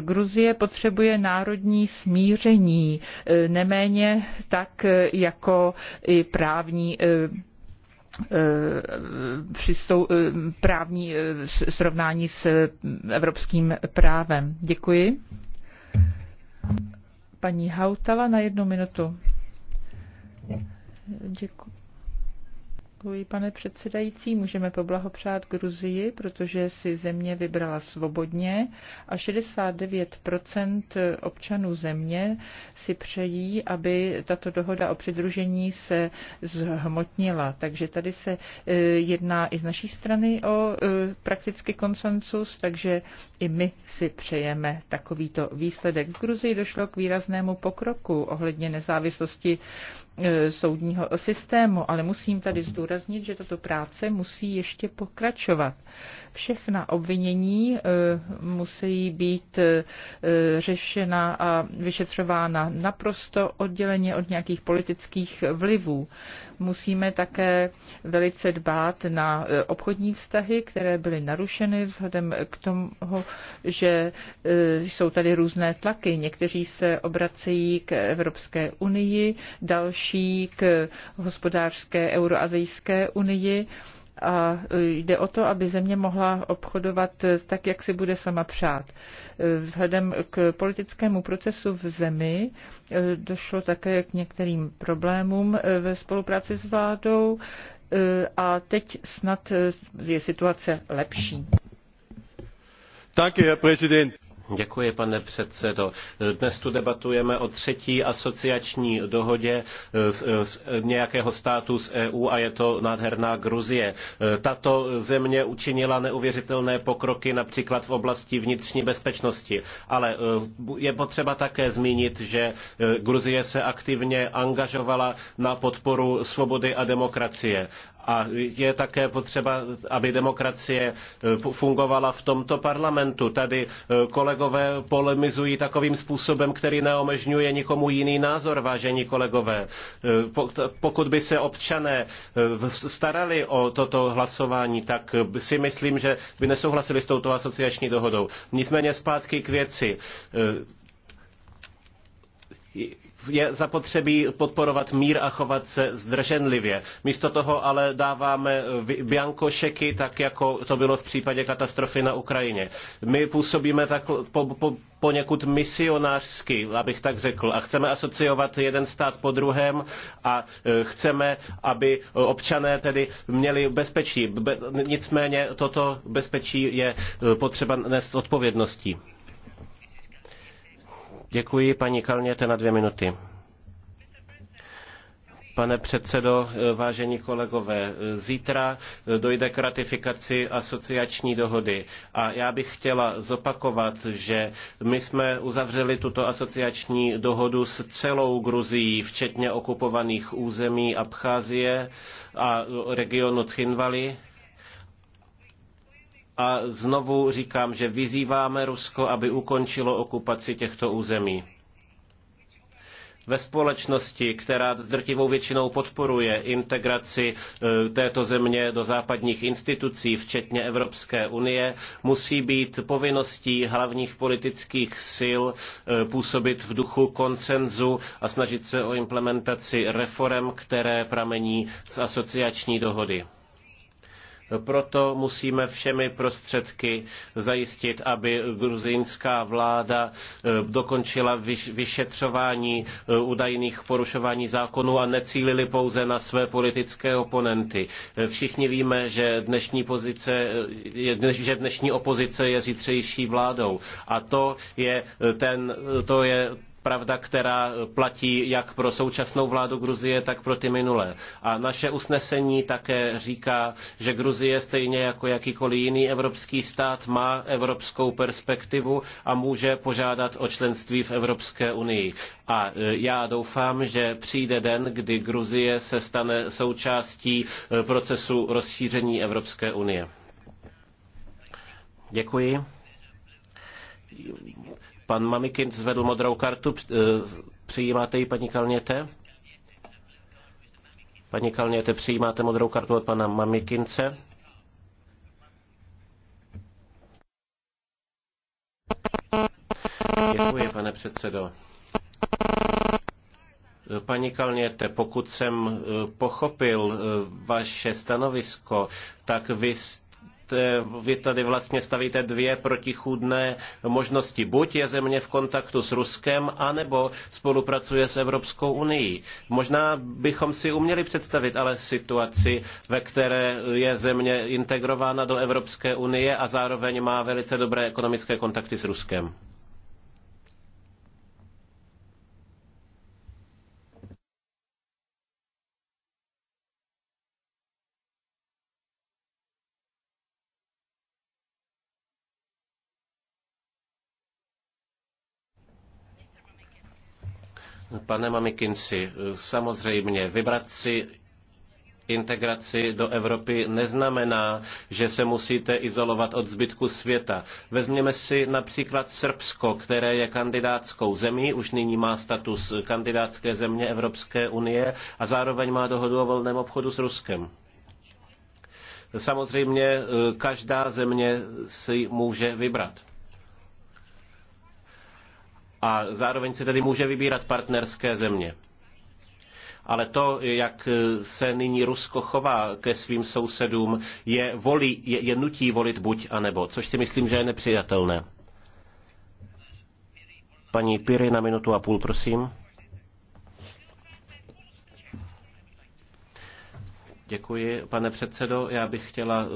Gruzie potřebuje národní smíření, neméně tak jako i právní přistou, právní srovnání s evropským právem. Děkuji paní Hautala na jednu minutu. Děkuji. Děkuji, pane předsedající. Můžeme poblahopřát Gruzii, protože si země vybrala svobodně a 69 občanů země si přejí, aby tato dohoda o přidružení se zhmotnila. Takže tady se e, jedná i z naší strany o e, prakticky konsensus, takže i my si přejeme takovýto výsledek. V Gruzii došlo k výraznému pokroku ohledně nezávislosti E, soudního systému, ale musím tady zdůraznit, že tato práce musí ještě pokračovat. Všechna obvinění eh, musí být eh, řešena a vyšetřována naprosto odděleně od nějakých politických vlivů. Musíme také velice dbát na eh, obchodní vztahy, které byly narušeny vzhledem k tomu, že jsou tady různé tlaky. Někteří se obracejí k Evropské unii, další k hospodářské euroazijské unii a e, jde o to, aby země mohla obchodovat e, tak, jak si bude sama přát. E, vzhledem k politickému procesu v zemi došlo také k některým problémům ve spolupráci s vládou a teď snad je situace lepší. Danke, Herr Präsident. Děkuji, pane předsedo. Dnes tu debatujeme o třetí asociační dohodě z, z nějakého státu z EU a je to nádherná Gruzie. Tato země učinila neuvěřitelné pokroky například v oblasti vnitřní bezpečnosti, ale eh, je potřeba také zmínit, že eh, Gruzie se aktivně angažovala na podporu svobody a demokracie. A je také potřeba, aby demokracie eh, fungovala v tomto parlamentu. Tady eh, kolegové polemizují takovým způsobem, který neomežňuje nikomu jiný názor, vážení kolegové. Eh, pokud by se občané starali o toto hlasování, tak si myslím, že by nesouhlasili s touto asociační dohodou. Nicméně zpátky k věci je zapotřebí podporovat mír a chovat se zdrženlivě. Místo toho ale dáváme eh, biankošeky, tak jako to bylo v případě katastrofy na Ukrajině. My působíme tak po, po, poněkud misionářsky, abych tak řekl, a chceme asociovat jeden stát po druhém a eh, chceme, aby občané tedy měli bezpečí. Nicméně toto bezpečí je eh, potřeba nést odpovědností. Děkuji, paní Kalněte, na dvě minuty. Pane předsedo, vážení kolegové, zítra dojde k ratifikaci asociační dohody a já bych chtěla zopakovat, že my jsme uzavřeli tuto asociační dohodu s celou Gruzií, včetně okupovaných území Abcházie a regionu Tchinvali a znovu říkám, že vyzýváme Rusko, aby ukončilo okupaci těchto území. Ve společnosti, která s drtivou většinou podporuje integraci e, této země do západních institucí, včetně Evropské unie, musí být povinností hlavních politických sil e, působit v duchu konsenzu a snažit se o implementaci reforem, které pramení z asociační dohody. Proto musíme všemi prostředky zajistit, aby gruzínská vláda eh, dokončila vyšetřování eh, údajných porušování zákonů a necílili pouze na své politické oponenty. Eh, všichni víme, že dnešní, pozice, že dnešní opozice je zítřejší vládou. A to je, ten, to je pravda, která platí jak pro současnou vládu Gruzie, tak pro ty minulé. A naše usnesení také říká, že Gruzie stejně jako jakýkoliv jiný evropský stát má evropskou perspektivu a může požádat o členství v Evropské unii. A e, já doufám, že přijde den, kdy Gruzie se stane součástí e, procesu rozšíření Evropské unie. Děkuji. Pan Mamikin zvedl modrou kartu. Eh, přijímáte ji, paní Kalněte? Paní Kalněte, přijímáte modrou kartu od pana Mamikince? Děkuji, pane předsedo. Paní Kalněte, pokud jsem eh, pochopil eh, vaše stanovisko, tak vy jste vy tady vlastně stavíte dvě protichůdné možnosti. Buď je země v kontaktu s Ruskem, anebo spolupracuje s Evropskou unii. Možná bychom si uměli představit ale situaci, ve které je země integrována do Evropské unie a zároveň má velice dobré ekonomické kontakty s Ruskem. Pane Mamikinci, samozřejmě vybrat si integraci do Evropy neznamená, že se musíte izolovat od zbytku světa. Vezměme si například Srbsko, které je kandidátskou zemí, už nyní má status kandidátské země Evropské unie a zároveň má dohodu o volném obchodu s Ruskem. Samozřejmě eh, každá země si může vybrat a zároveň si tedy může vybírat partnerské země. Ale to, jak se nyní Rusko chová ke svým sousedům, je, volí, je, je nutí volit buď a nebo, což si myslím, že je nepřijatelné. Paní Piry na minutu a půl, prosím. Děkuji, pane předsedo. Já bych chtěla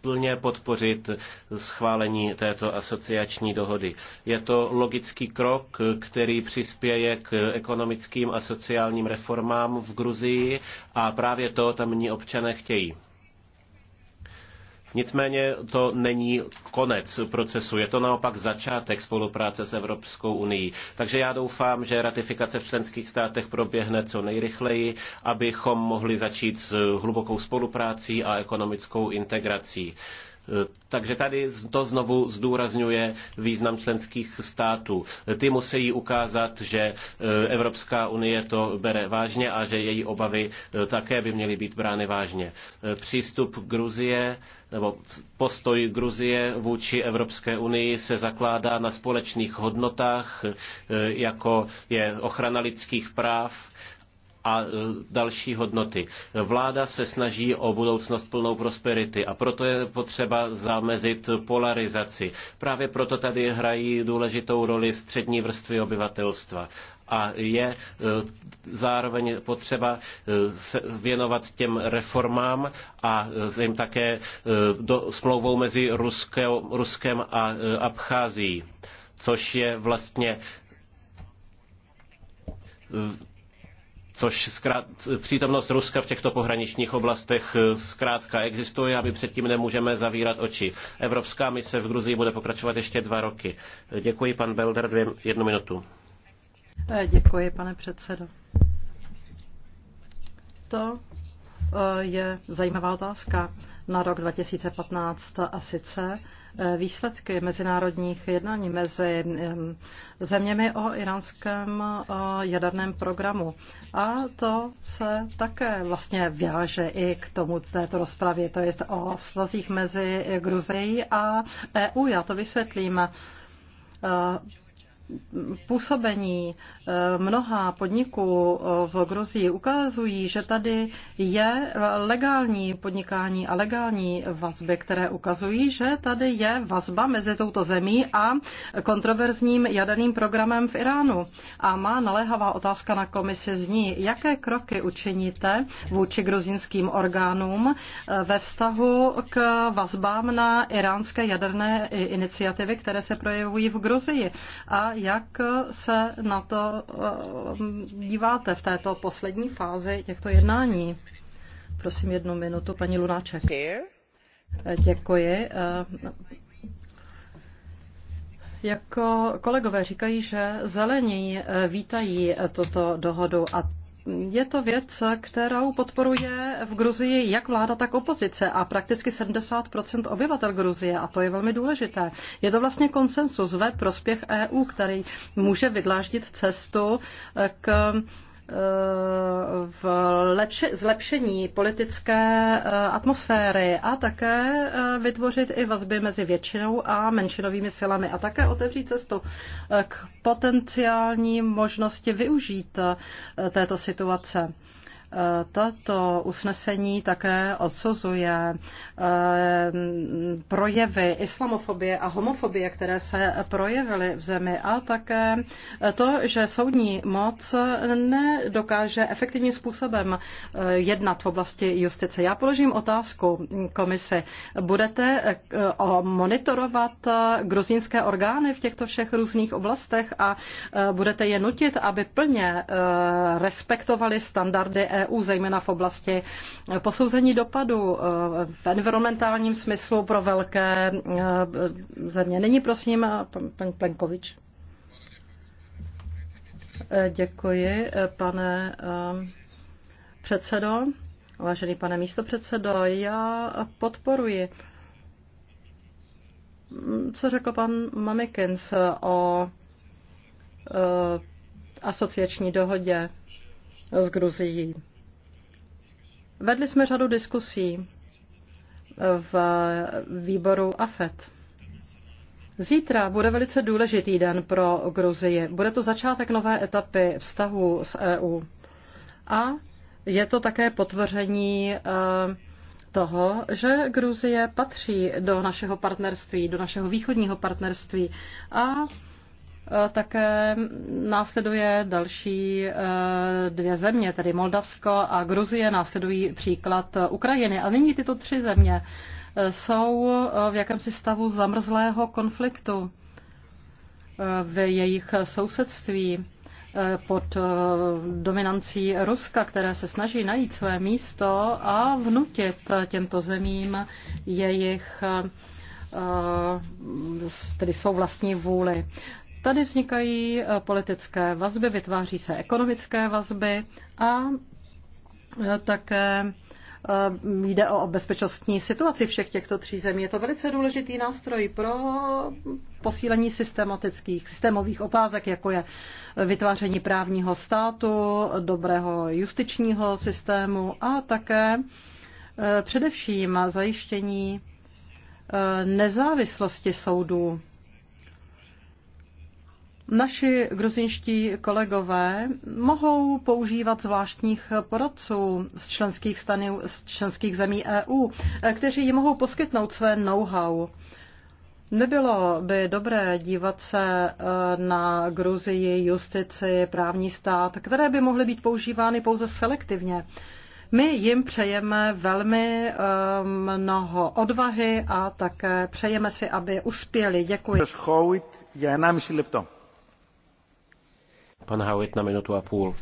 plně podpořit schválení této asociační dohody. Je to logický krok, který přispěje k ekonomickým a sociálním reformám v Gruzii a právě to tamní občané chtějí. Nicméně to není konec procesu, je to naopak začátek spolupráce s Evropskou unii. Takže já doufám, že ratifikace v členských státech proběhne co nejrychleji, abychom mohli začít s hlubokou spoluprácí a ekonomickou integrací. Takže tady to znovu zdůrazňuje význam členských států. Ty musí ukázat, že eh, Evropská unie to bere vážně a že její obavy eh, také by měly být brány vážně. Eh, přístup Gruzie nebo postoj Gruzie vůči Evropské unii se zakládá na společných hodnotách, jako je ochrana lidských práv, a e, další hodnoty. Vláda se snaží o budoucnost plnou prosperity a proto je potřeba zamezit polarizaci. Právě proto tady hrají důležitou roli střední vrstvy obyvatelstva a je e, zároveň potřeba e, se věnovat těm reformám a jim také do, smlouvou mezi Ruské, Ruskem a Abcházií, což je vlastně což zkrát, přítomnost Ruska v těchto pohraničních oblastech eh, zkrátka existuje a my předtím nemůžeme zavírat oči. Evropská mise v Gruzii bude pokračovat ještě dva roky. Eh, děkuji, pan Belder, dvě, jednu minutu. Eh, děkuji, pane předsedo. To je zajímavá otázka na rok 2015 a sice eh, výsledky mezinárodních jednání mezi zeměmi o iránském eh, jaderném programu. A to se také vlastně vyváže i k tomu této rozpravě, to je o vztazích mezi Gruzií a EU. Já to vysvětlím eh, působení eh, mnoha podniků eh, v Gruzii ukazují, že tady je legální podnikání a legální vazby, které ukazují, že tady je vazba mezi touto zemí a kontroverzním jaderným programem v Iránu. A má naléhavá otázka na komisi zní, jaké kroky učiníte vůči gruzínským orgánům eh, ve vztahu k vazbám na iránské jaderné iniciativy, které se projevují v Gruzii. A jak se na to eh, díváte v této poslední fázi těchto jednání. Prosím jednu minutu, paní Lunáček. Eh, děkuji. Eh, jako kolegové říkají, že zelení vítají toto dohodu a je to věc, kterou podporuje v Gruzii jak vláda, tak opozice a prakticky 70 obyvatel Gruzie a to je velmi důležité. Je to vlastně konsensus ve prospěch EU, který může vydláždit cestu eh, k Eh, v lepši, zlepšení politické eh, atmosféry a také eh, vytvořit i vazby mezi většinou a menšinovými silami a také otevřít cestu k potenciální možnosti využít této situace. Tato usnesení také odsuzuje eh, projevy islamofobie a homofobie, které se projevily v zemi a také to, že soudní moc nedokáže efektivním způsobem eh, jednat v oblasti justice. Já položím otázku komisi. Budete eh, monitorovat gruzínské orgány v těchto všech různých oblastech a budete je nutit, aby plně respektovali standardy EU, zejména v oblasti posouzení dopadu eh, v environmentálním smyslu pro velké eh, země. Není prosím, eh, pan Plenkovič. Děkuji, pane předsedo. Vážený pane místopředsedo, já podporuji, mm, co řekl pan Mamikins o asociační dohodě s Gruzií. Vedli jsme řadu diskusí eh, v výboru AFET. Zítra bude velice důležitý den pro Gruzii. Bude to začátek nové etapy vztahu s EU. A je to také potvrzení eh, toho, že Gruzie patří do našeho partnerství, do našeho východního partnerství a Eh, také následuje další eh, dvě země, tedy Moldavsko a Gruzie, následují příklad Ukrajiny. A nyní tyto tři země eh, jsou v jakémsi stavu zamrzlého konfliktu v jejich sousedství pod dominancí Ruska, které se snaží najít své místo a vnutit těmto zemím jejich tedy jsou vlastní vůli. Tady vznikají eh, politické vazby, vytváří se ekonomické vazby a eh, také eh, jde o bezpečnostní situaci všech těchto tří zemí. Je to velice důležitý nástroj pro posílení systematických, systémových otázek, jako je vytváření právního státu, dobrého justičního systému a také především zajištění nezávislosti soudů Naši gruzinští kolegové mohou používat zvláštních poradců z členských, stany, z členských zemí EU, kteří jim mohou poskytnout své know-how. Nebylo by dobré dívat se eh, na Gruzii, justici, právní stát, které by mohly být používány pouze selektivně. My jim přejeme velmi eh, mnoho odvahy a také přejeme si, aby uspěli. Děkuji. Pan Howitt na minutu a půl.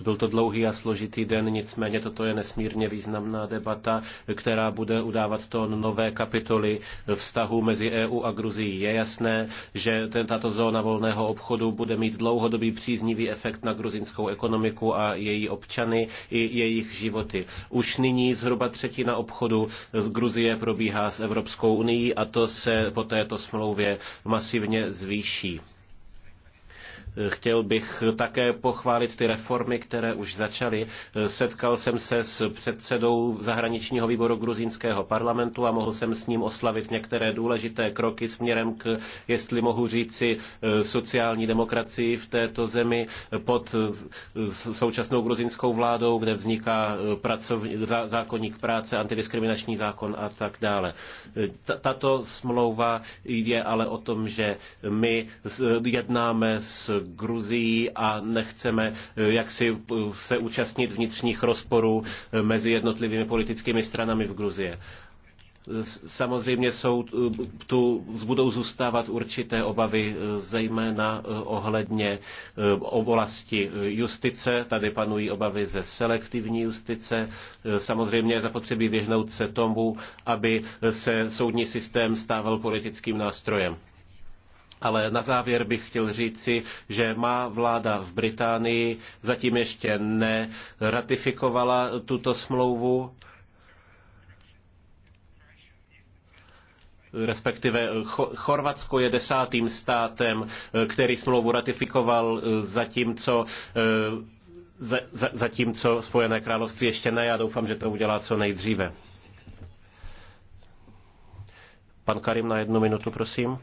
Byl to dlouhý a složitý den, nicméně toto je nesmírně významná debata, která bude udávat to nové kapitoly vztahu mezi EU a Gruzií. Je jasné, že tato zóna volného obchodu bude mít dlouhodobý příznivý efekt na gruzinskou ekonomiku a její občany i jejich životy. Už nyní zhruba třetina obchodu z Gruzie probíhá s Evropskou unii a to se po této smlouvě masivně zvýší. Chtěl bych také pochválit ty reformy, které už začaly. Setkal jsem se s předsedou zahraničního výboru gruzínského parlamentu a mohl jsem s ním oslavit některé důležité kroky směrem k, jestli mohu říci, sociální demokracii v této zemi pod současnou gruzínskou vládou, kde vzniká pracovní, zákonník práce, antidiskriminační zákon a tak dále. Tato smlouva je ale o tom, že my jednáme s Gruzií a nechceme eh, jaksi eh, se účastnit vnitřních rozporů eh, mezi jednotlivými politickými stranami v Gruzii. Samozřejmě jsou, tu budou zůstávat určité obavy, zejména ohledně oblasti justice. Tady panují obavy ze selektivní justice. Samozřejmě je zapotřebí vyhnout se tomu, aby se soudní systém stával politickým nástrojem. Ale na závěr bych chtěl říci, že má vláda v Británii zatím ještě neratifikovala tuto smlouvu. respektive Chorvatsko je desátým státem, který smlouvu ratifikoval, zatímco eh, zatímco Spojené království ještě ne. Já doufám, že to udělá co nejdříve. Pan Karim na jednu minutu, prosím.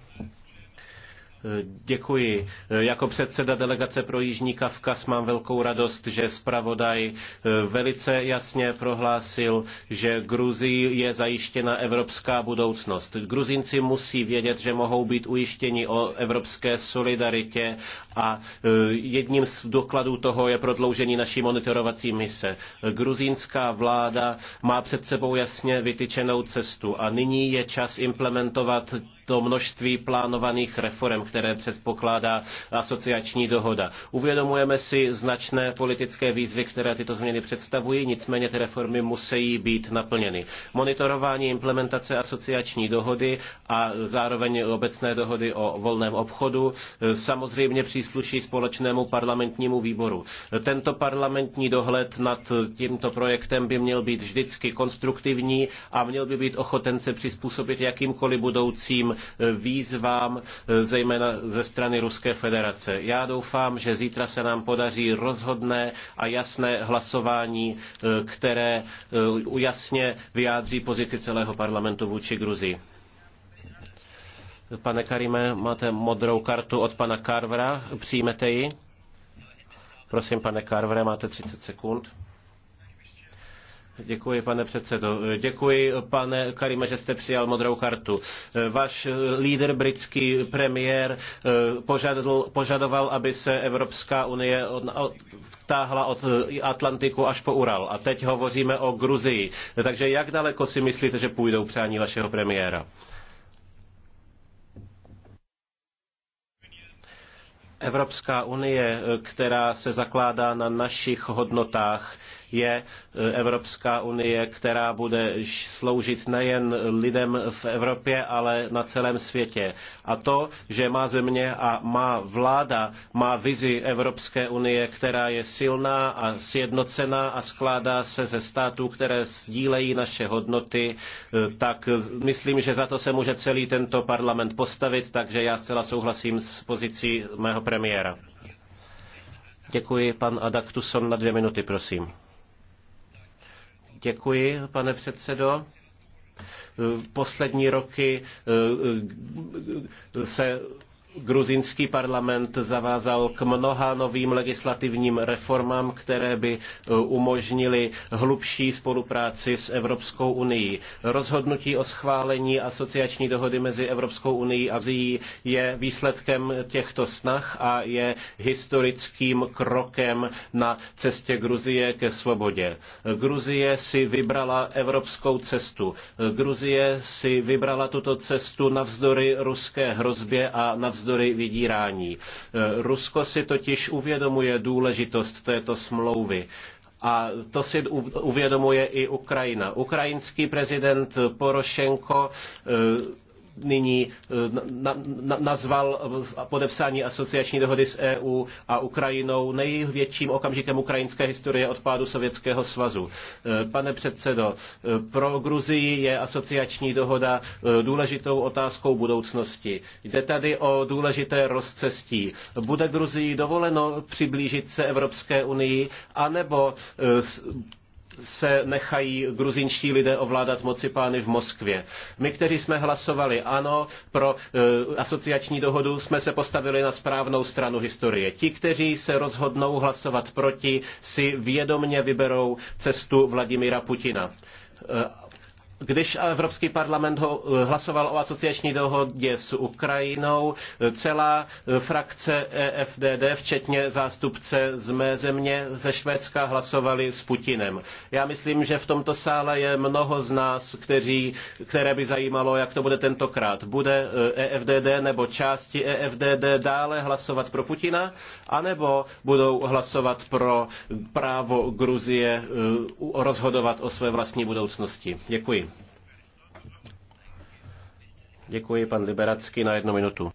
Děkuji. Jako předseda delegace pro Jižní Kavkaz mám velkou radost, že zpravodaj eh, velice jasně prohlásil, že Gruzii je zajištěna evropská budoucnost. Gruzinci musí vědět, že mohou být ujištěni o evropské solidaritě a eh, jedním z dokladů toho je prodloužení naší monitorovací mise. Gruzínská vláda má před sebou jasně vytyčenou cestu a nyní je čas implementovat to množství plánovaných reform, které předpokládá asociační dohoda. Uvědomujeme si značné politické výzvy, které tyto změny představují, nicméně ty reformy musí být naplněny. Monitorování implementace asociační dohody a zároveň obecné dohody o volném obchodu samozřejmě přísluší společnému parlamentnímu výboru. Tento parlamentní dohled nad tímto projektem by měl být vždycky konstruktivní a měl by být ochoten se přizpůsobit jakýmkoliv budoucím Eh, výzvám, eh, zejména ze strany Ruské federace. Já doufám, že zítra se nám podaří rozhodné a jasné hlasování, eh, které jasně vyjádří pozici celého parlamentu vůči Gruzii. Pane Karime, máte modrou kartu od pana Carvera, přijmete ji? Prosím, pane Carvere, máte 30 sekund. Děkuji, pane předsedo. Děkuji, pane Karima, že jste přijal modrou kartu. Váš lídr, britský premiér, požadl, požadoval, aby se Evropská unie od, od, táhla od Atlantiku až po Ural. A teď hovoříme o Gruzii. Takže jak daleko si myslíte, že půjdou přání vašeho premiéra? Evropská unie, která se zakládá na našich hodnotách, je Evropská unie, která bude sloužit nejen lidem v Evropě, ale na celém světě. A to, že má země a má vláda, má vizi Evropské unie, která je silná a sjednocená a skládá se ze států, které sdílejí naše hodnoty, eh, tak myslím, že za to se může celý tento parlament postavit, takže já zcela souhlasím s pozicí mého premiéra. Děkuji, pan Adaktuson, na dvě minuty, prosím. Děkuji, pane předsedo poslední roky eh, eh, se gruzínský parlament zavázal k mnoha novým legislativním reformám, které by e, umožnily hlubší spolupráci s Evropskou unii. Rozhodnutí o schválení asociační dohody mezi Evropskou unii a Azií je výsledkem těchto snah a je historickým krokem na cestě Gruzie ke svobodě. Gruzie si vybrala evropskou cestu. Gruzie si vybrala tuto cestu navzdory ruské hrozbě a navzdory navzdory vydírání. E, Rusko si totiž uvědomuje důležitost této smlouvy. A to si uvědomuje i Ukrajina. Ukrajinský prezident Porošenko e, nyní eh, na, na, nazval podepsání asociační dohody s EU a Ukrajinou největším okamžikem ukrajinské historie od pádu Sovětského svazu. Eh, pane předsedo, eh, pro Gruzii je asociační dohoda důležitou otázkou budoucnosti. Jde tady o důležité rozcestí. Bude Gruzii dovoleno přiblížit se Evropské unii, anebo se nechají gruzínští lidé ovládat mocipány v Moskvě. My, kteří jsme hlasovali ano pro eh, asociační dohodu, jsme se postavili na správnou stranu historie. Ti, kteří se rozhodnou hlasovat proti, si vědomně vyberou cestu Vladimira Putina. Eh, když Evropský parlament eh, hlasoval o asociační dohodě s Ukrajinou, eh, celá eh, frakce EFDD, včetně zástupce z mé země ze Švédska, hlasovali s Putinem. Já myslím, že v tomto sále je mnoho z nás, kteří, které by zajímalo, jak to bude tentokrát. Bude EFDD e nebo části EFDD dále hlasovat pro Putina, anebo budou hlasovat pro právo Gruzie rozhodovat o své vlastní budoucnosti. Děkuji. Děkuji, pan Liberacký, na jednu minutu.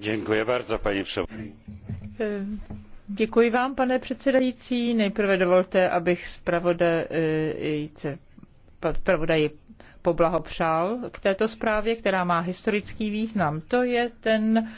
Děkuji bardzo, paní předsedající. Děkuji vám, pane předsedající. Nejprve dovolte, abych zpravodaji poblahopřál k této zprávě, která má historický význam. To je ten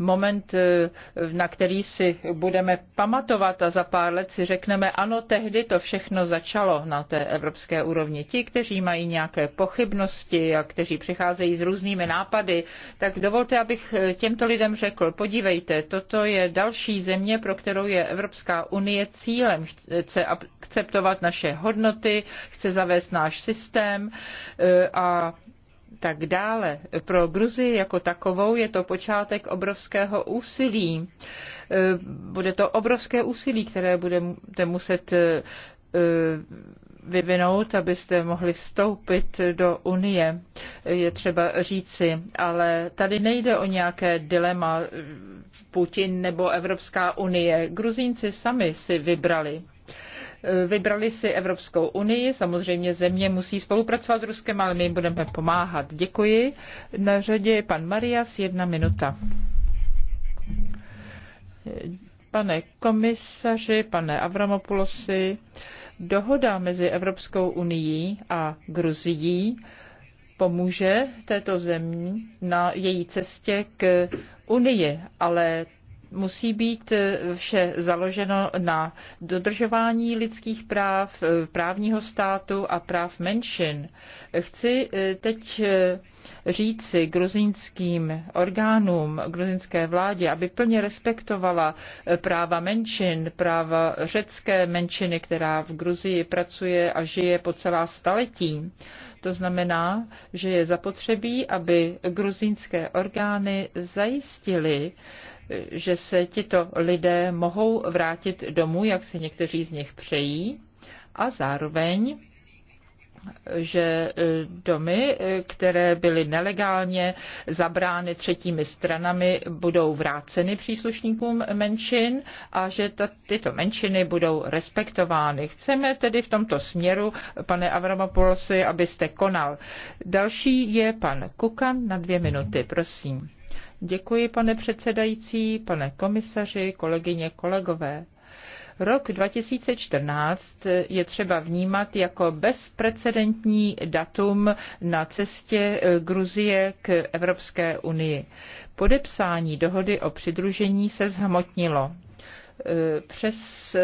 moment, eh, na který si budeme pamatovat a za pár let si řekneme, ano, tehdy to všechno začalo na té evropské úrovni. Ti, kteří mají nějaké pochybnosti a kteří přicházejí s různými nápady, tak dovolte, abych eh, těmto lidem řekl, podívejte, toto je další země, pro kterou je Evropská unie cílem. Chce akceptovat naše hodnoty, chce zavést náš systém eh, a tak dále. Pro Gruzii jako takovou je to počátek obrovského úsilí. E, bude to obrovské úsilí, které budete muset e, vyvinout, abyste mohli vstoupit do Unie, je třeba říci. Ale tady nejde o nějaké dilema e, Putin nebo Evropská unie. Gruzínci sami si vybrali Eh, vybrali si Evropskou unii, samozřejmě země musí spolupracovat s Ruskem, ale my jim budeme pomáhat. Děkuji. Na řadě je pan Marias, jedna minuta. Pane komisaři, pane Avramopulosi, dohoda mezi Evropskou unii a Gruzií pomůže této zemi na její cestě k Unii, ale musí být eh, vše založeno na dodržování lidských práv, eh, právního státu a práv menšin. Chci eh, teď říci gruzínským orgánům, gruzinské vládě, aby plně respektovala práva menšin, práva řecké menšiny, která v Gruzii pracuje a žije po celá staletí. To znamená, že je zapotřebí, aby gruzínské orgány zajistily, že se tito lidé mohou vrátit domů, jak si někteří z nich přejí, a zároveň že e, domy, e, které byly nelegálně zabrány třetími stranami, budou vráceny příslušníkům menšin a že ta, tyto menšiny budou respektovány. Chceme tedy v tomto směru, pane Avramopoulosi, abyste konal. Další je pan Kukan na dvě minuty, prosím. Děkuji, pane předsedající, pane komisaři, kolegyně, kolegové. Rok 2014 je třeba vnímat jako bezprecedentní datum na cestě eh, Gruzie k Evropské unii. Podepsání dohody o přidružení se zhmotnilo. Přes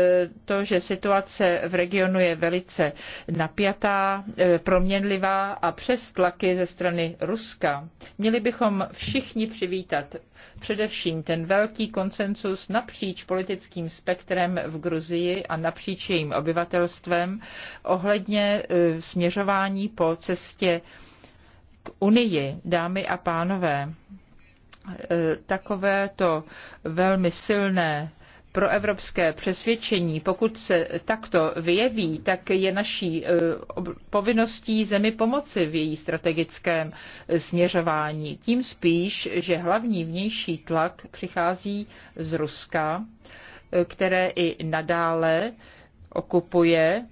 to, že situace v regionu je velice napjatá, eh, proměnlivá a přes tlaky ze strany Ruska, měli bychom všichni přivítat především ten velký konsensus napříč politickým spektrem v Gruzii a napříč jejím obyvatelstvem ohledně eh, směřování po cestě k Unii, dámy a pánové eh, takovéto velmi silné Proevropské přesvědčení, pokud se takto vyjeví, tak je naší e, povinností zemi pomoci v její strategickém e, směřování. Tím spíš, že hlavní vnější tlak přichází z Ruska, e, které i nadále okupuje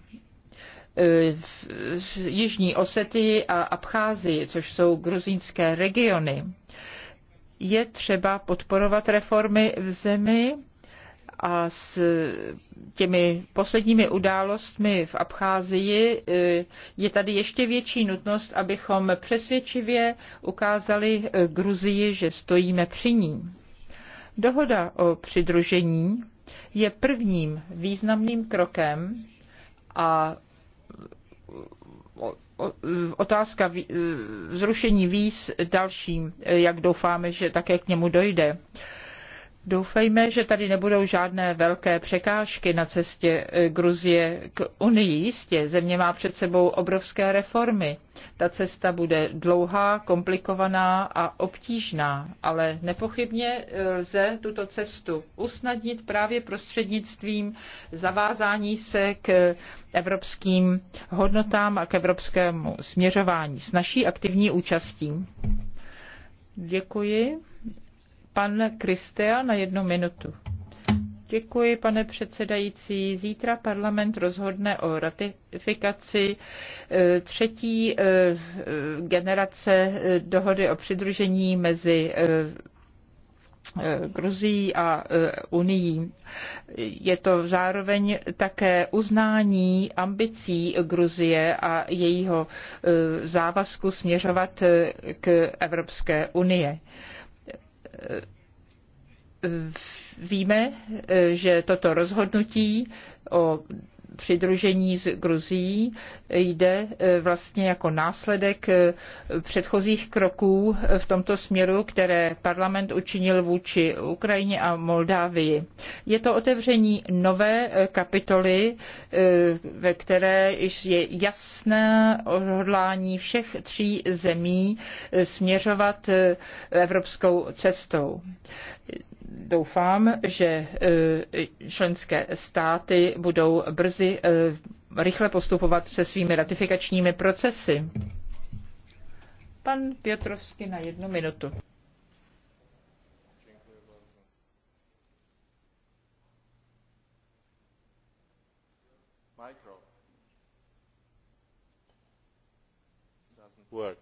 Jižní Osety a Abcházii, což jsou gruzínské regiony. Je třeba podporovat reformy v zemi, a s těmi posledními událostmi v Abcházii eh, je tady ještě větší nutnost, abychom přesvědčivě ukázali eh, Gruzii, že stojíme při ní. Dohoda o přidružení je prvním významným krokem a otázka eh, zrušení víz dalším, jak doufáme, že také k němu dojde. Doufejme, že tady nebudou žádné velké překážky na cestě eh, Gruzie k Unii. Jistě, země má před sebou obrovské reformy. Ta cesta bude dlouhá, komplikovaná a obtížná, ale nepochybně eh, lze tuto cestu usnadnit právě prostřednictvím zavázání se k evropským hodnotám a k evropskému směřování s naší aktivní účastí. Děkuji. Pan Kristea na jednu minutu. Děkuji, pane předsedající. Zítra parlament rozhodne o ratifikaci e, třetí e, e, generace dohody o přidružení mezi Gruzií a Unii. Je to zároveň také uznání ambicí Gruzie a jejího závazku směřovat k Evropské unie víme, že toto rozhodnutí o přidružení s Gruzí jde eh, vlastně jako následek eh, předchozích kroků eh, v tomto směru, které parlament učinil vůči Ukrajině a Moldávii. Je to otevření nové kapitoly, ve které je jasné odhodlání všech tří zemí směřovat evropskou cestou doufám, že eh, členské státy budou brzy eh, rychle postupovat se svými ratifikačními procesy. Pan Piotrovský na jednu minutu. Work.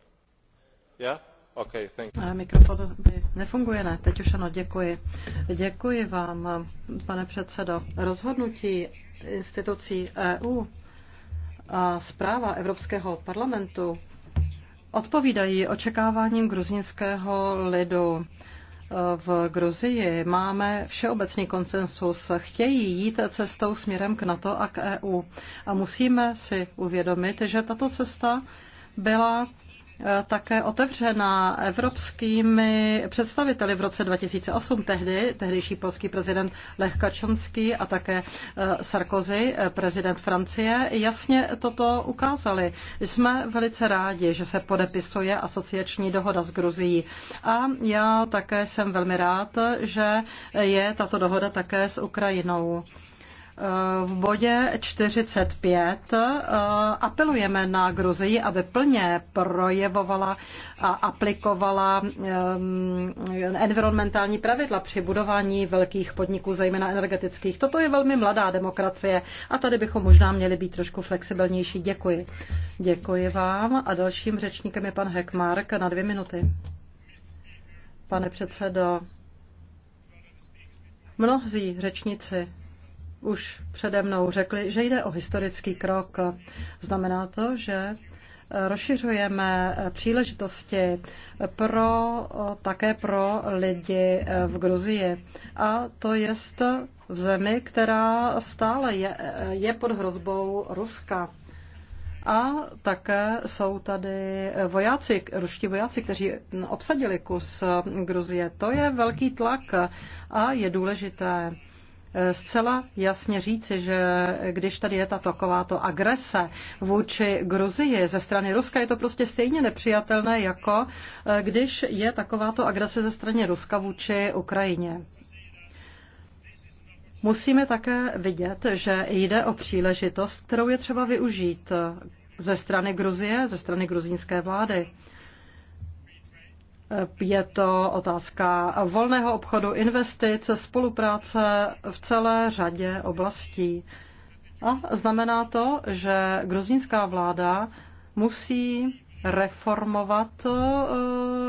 Yeah? Okay, Mikrofon nefunguje, ne? Teď už ano, děkuji. Děkuji vám, pane předsedo. Rozhodnutí institucí EU a zpráva Evropského parlamentu odpovídají očekáváním gruzinského lidu. V Gruzii máme všeobecný konsensus. Chtějí jít cestou směrem k NATO a k EU. A musíme si uvědomit, že tato cesta byla Eh, také otevřena evropskými představiteli v roce 2008 tehdy, tehdejší polský prezident Lech Kačonský a také eh, Sarkozy, eh, prezident Francie, jasně toto ukázali. Jsme velice rádi, že se podepisuje asociační dohoda s Gruzií a já také jsem velmi rád, že je tato dohoda také s Ukrajinou. Eh, v bodě 45 eh, apelujeme na Gruzii, aby plně projevovala a aplikovala ehm, environmentální pravidla při budování velkých podniků, zejména energetických. Toto je velmi mladá demokracie a tady bychom možná měli být trošku flexibilnější. Děkuji. Děkuji vám a dalším řečníkem je pan Hekmark na dvě minuty. Pane předsedo, mnozí řečníci už přede mnou řekli, že jde o historický krok. Znamená to, že rozšiřujeme příležitosti pro, také pro lidi v Gruzii. A to je v zemi, která stále je, je pod hrozbou Ruska. A také jsou tady vojáci, ruští vojáci, kteří obsadili kus Gruzie. To je velký tlak a je důležité zcela jasně říci, že když tady je ta takováto agrese vůči Gruzii ze strany Ruska, je to prostě stejně nepřijatelné, jako eh, když je takováto agrese ze strany Ruska vůči Ukrajině. Musíme také vidět, že jde o příležitost, kterou je třeba využít ze strany Gruzie, ze strany gruzínské vlády. Je to otázka volného obchodu, investic, spolupráce v celé řadě oblastí. A znamená to, že gruzínská vláda musí reformovat e,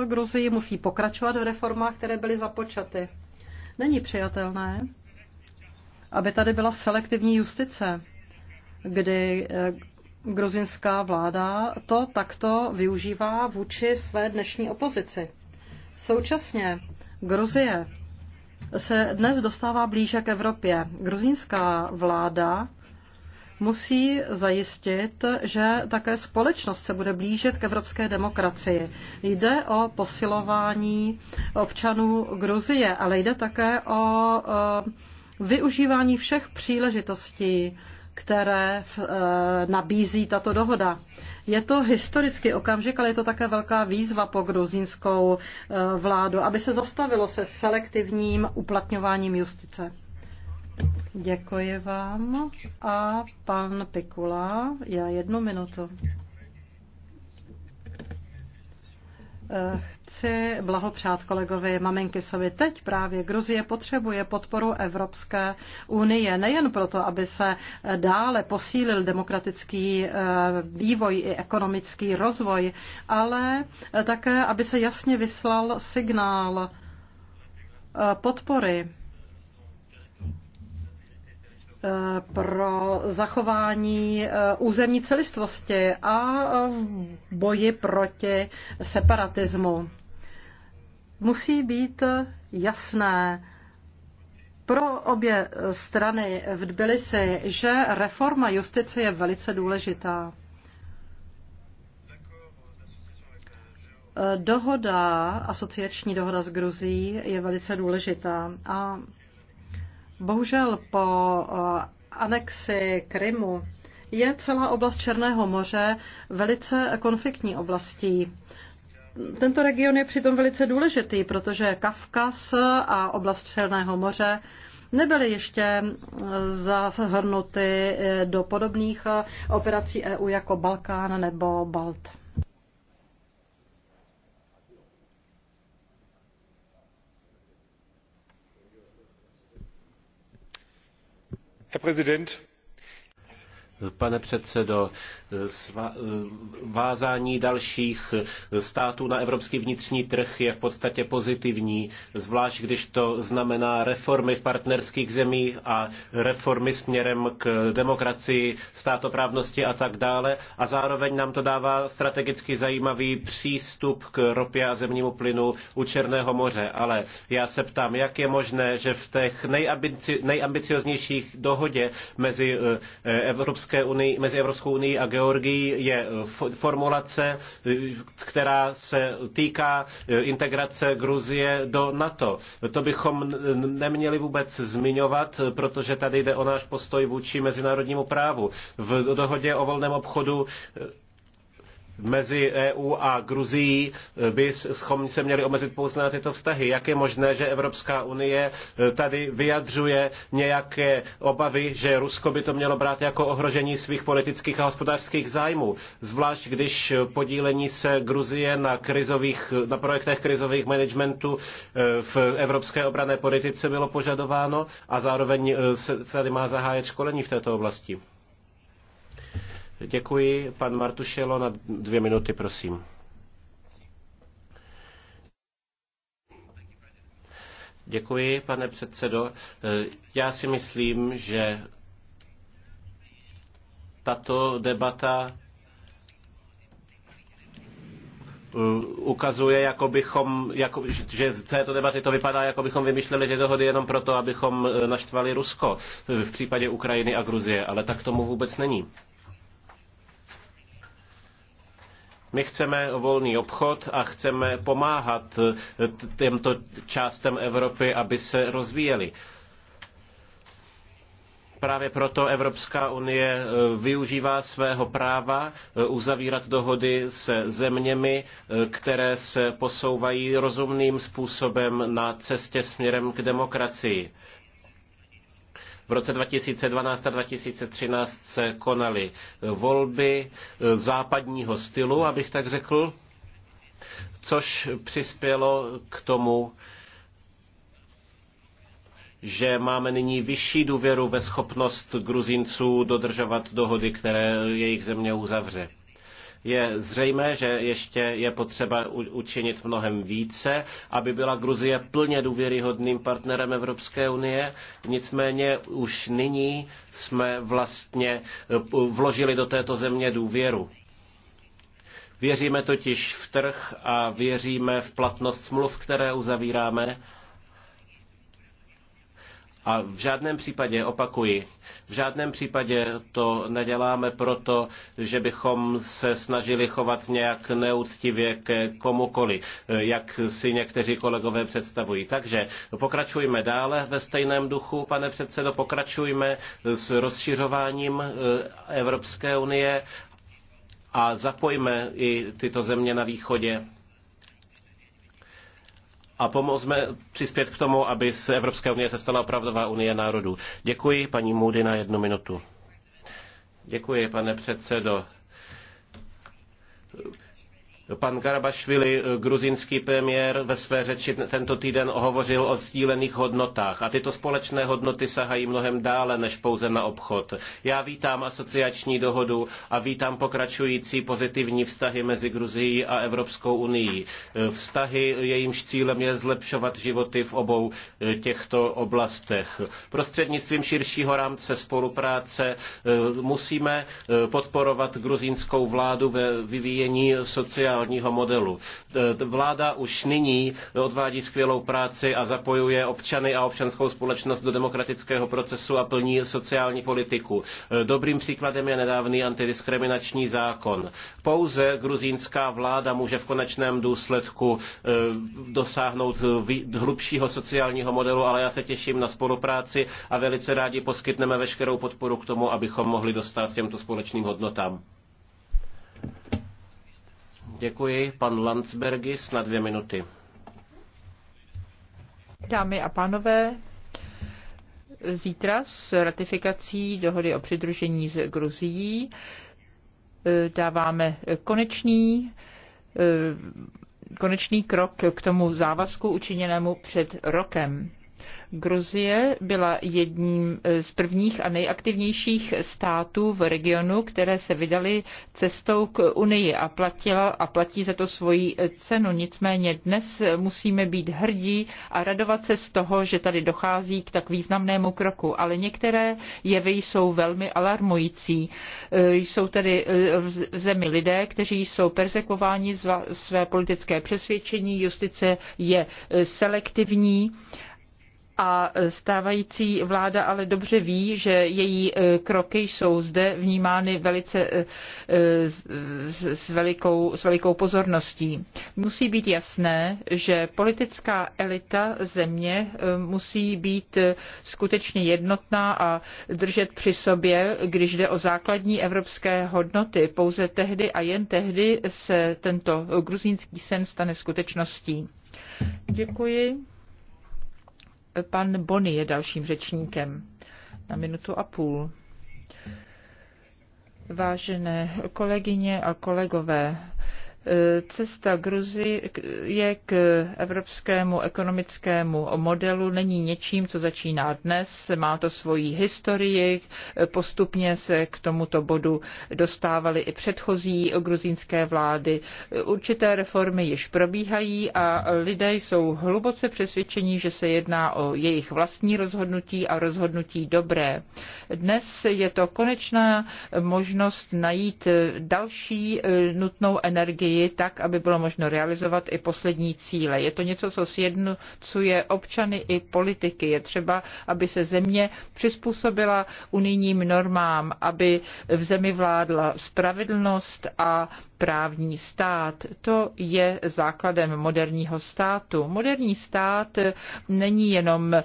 Gruzii, musí pokračovat v reformách, které byly započaty. Není přijatelné, aby tady byla selektivní justice, kdy e, gruzinská vláda to takto využívá vůči své dnešní opozici. Současně Gruzie se dnes dostává blíže k Evropě. Gruzínská vláda musí zajistit, že také společnost se bude blížit k evropské demokracii. Jde o posilování občanů Gruzie, ale jde také o využívání všech příležitostí, které eh, nabízí tato dohoda. Je to historický okamžik, ale je to také velká výzva po gruzínskou eh, vládu, aby se zastavilo se selektivním uplatňováním justice. Děkuji vám. A pan Pikula, já jednu minutu. Eh, chci blahopřát kolegovi sovi. Teď právě Gruzie potřebuje podporu Evropské unie nejen proto, aby se dále posílil demokratický eh, vývoj i ekonomický rozvoj, ale eh, také, aby se jasně vyslal signál podpory Eh, pro zachování eh, územní celistvosti a eh, v boji proti separatismu. Musí být jasné pro obě strany v Tbilisi, že reforma justice je velice důležitá. Dohoda, asociační dohoda s Gruzí je velice důležitá a Bohužel po eh, anexi Krymu je celá oblast Černého moře velice konfliktní oblastí. Tento region je přitom velice důležitý, protože Kavkaz a oblast Černého moře nebyly ještě eh, zahrnuty eh, do podobných operací EU jako Balkán nebo Balt. herr präsident! Pane předsedo, vázání dalších států na evropský vnitřní trh je v podstatě pozitivní, zvlášť když to znamená reformy v partnerských zemích a reformy směrem k demokracii, státoprávnosti a tak dále. A zároveň nám to dává strategicky zajímavý přístup k ropě a zemnímu plynu u Černého moře. Ale já se ptám, jak je možné, že v těch nejambici, nejambicioznějších dohodě mezi eh, Evropskou Evropské unii, mezi Evropskou unii a Georgií je eh, formulace, eh, která se týká eh, integrace Gruzie do NATO. To bychom neměli vůbec zmiňovat, protože tady jde o náš postoj vůči mezinárodnímu právu. V dohodě o volném obchodu mezi EU a Gruzií eh, bychom se měli omezit pouze na tyto vztahy. Jak je možné, že Evropská unie eh, tady vyjadřuje nějaké obavy, že Rusko by to mělo brát jako ohrožení svých politických a hospodářských zájmů? Zvlášť když eh, podílení se Gruzie na, krizových, na projektech krizových managementu v evropské obrané politice bylo požadováno a zároveň se tady má zahájit školení v této oblasti. Děkuji. Pan Martušelo na dvě minuty, prosím. Děkuji, pane předsedo. Já si myslím, že tato debata uh, ukazuje, jako bychom, jako, že z této debaty to vypadá, jako bychom vymýšleli ty dohody jenom proto, abychom eh, naštvali Rusko v případě Ukrajiny a Gruzie, ale tak tomu vůbec není. My chceme volný obchod a chceme pomáhat eh, těmto částem Evropy, aby se rozvíjely. Právě proto Evropská unie eh, využívá svého práva eh, uzavírat dohody se zeměmi, které se posouvají rozumným způsobem na cestě směrem k demokracii. V roce 2012 a 2013 se konaly eh, volby eh, západního stylu, abych tak řekl, což přispělo k tomu, že máme nyní vyšší důvěru ve schopnost Gruzinců dodržovat dohody, které jejich země uzavře. Je zřejmé, že ještě je potřeba učinit mnohem více, aby byla Gruzie plně důvěryhodným partnerem Evropské unie. Nicméně už nyní jsme vlastně eh, vložili do této země důvěru. Věříme totiž v trh a věříme v platnost smluv, které uzavíráme a v žádném případě, opakuji, v žádném případě to neděláme proto, že bychom se snažili chovat nějak neúctivě ke komukoli, jak si někteří kolegové představují. Takže pokračujme dále ve stejném duchu, pane předsedo, pokračujme s rozšiřováním eh, Evropské unie a zapojme i tyto země na východě a pomozme přispět k tomu, aby z Evropské unie se stala opravdová unie národů. Děkuji, paní Moody, na jednu minutu. Děkuji, pane předsedo Pan Garabašvili, eh, gruzínský premiér, ve své řeči tento týden hovořil o sdílených hodnotách a tyto společné hodnoty sahají mnohem dále než pouze na obchod. Já vítám asociační dohodu a vítám pokračující pozitivní vztahy mezi Gruzií a Evropskou unii. Eh, vztahy, jejímž cílem je zlepšovat životy v obou eh, těchto oblastech. Prostřednictvím širšího rámce spolupráce musíme podporovat gruzínskou vládu ve vyvíjení sociální regionálního modelu. E, vláda už nyní odvádí skvělou práci a zapojuje občany a občanskou společnost do demokratického procesu a plní sociální politiku. E, dobrým příkladem je nedávný antidiskriminační zákon. Pouze gruzínská vláda může v konečném důsledku e, dosáhnout hlubšího sociálního modelu, ale já se těším na spolupráci a velice rádi poskytneme veškerou podporu k tomu, abychom mohli dostat těmto společným hodnotám. Děkuji. Pan Landsbergis na dvě minuty. Dámy a pánové, zítra s ratifikací dohody o přidružení s Gruzií eh, dáváme konečný eh, konečný krok k tomu závazku učiněnému před rokem. Gruzie byla jedním eh, z prvních a nejaktivnějších států v regionu, které se vydali cestou k Unii a, platila, a platí za to svoji eh, cenu. Nicméně dnes eh, musíme být hrdí a radovat se z toho, že tady dochází k tak významnému kroku. Ale některé jevy jsou velmi alarmující. Jsou tady v zemi lidé, kteří jsou persekováni za své politické přesvědčení, justice je selektivní a stávající vláda ale dobře ví, že její e, kroky jsou zde vnímány velice e, e, s velikou, s velikou pozorností. Musí být jasné, že politická elita země musí být skutečně jednotná a držet při sobě, když jde o základní evropské hodnoty. Pouze tehdy a jen tehdy se tento gruzínský sen stane skutečností. Děkuji. Pan Bony je dalším řečníkem na minutu a půl. Vážené kolegyně a kolegové, cesta Gruzie k evropskému ekonomickému modelu není něčím, co začíná dnes. Má to svoji historii. Postupně se k tomuto bodu dostávaly i předchozí gruzínské vlády. Určité reformy již probíhají a lidé jsou hluboce přesvědčeni, že se jedná o jejich vlastní rozhodnutí a rozhodnutí dobré. Dnes je to konečná možnost najít další eh, nutnou energii unii tak, aby bylo možno realizovat i poslední cíle. Je to něco, co sjednocuje občany i politiky. Je třeba, aby se země přizpůsobila unijním normám, aby v zemi vládla spravedlnost a právní stát. To je základem moderního státu. Moderní stát není jenom e,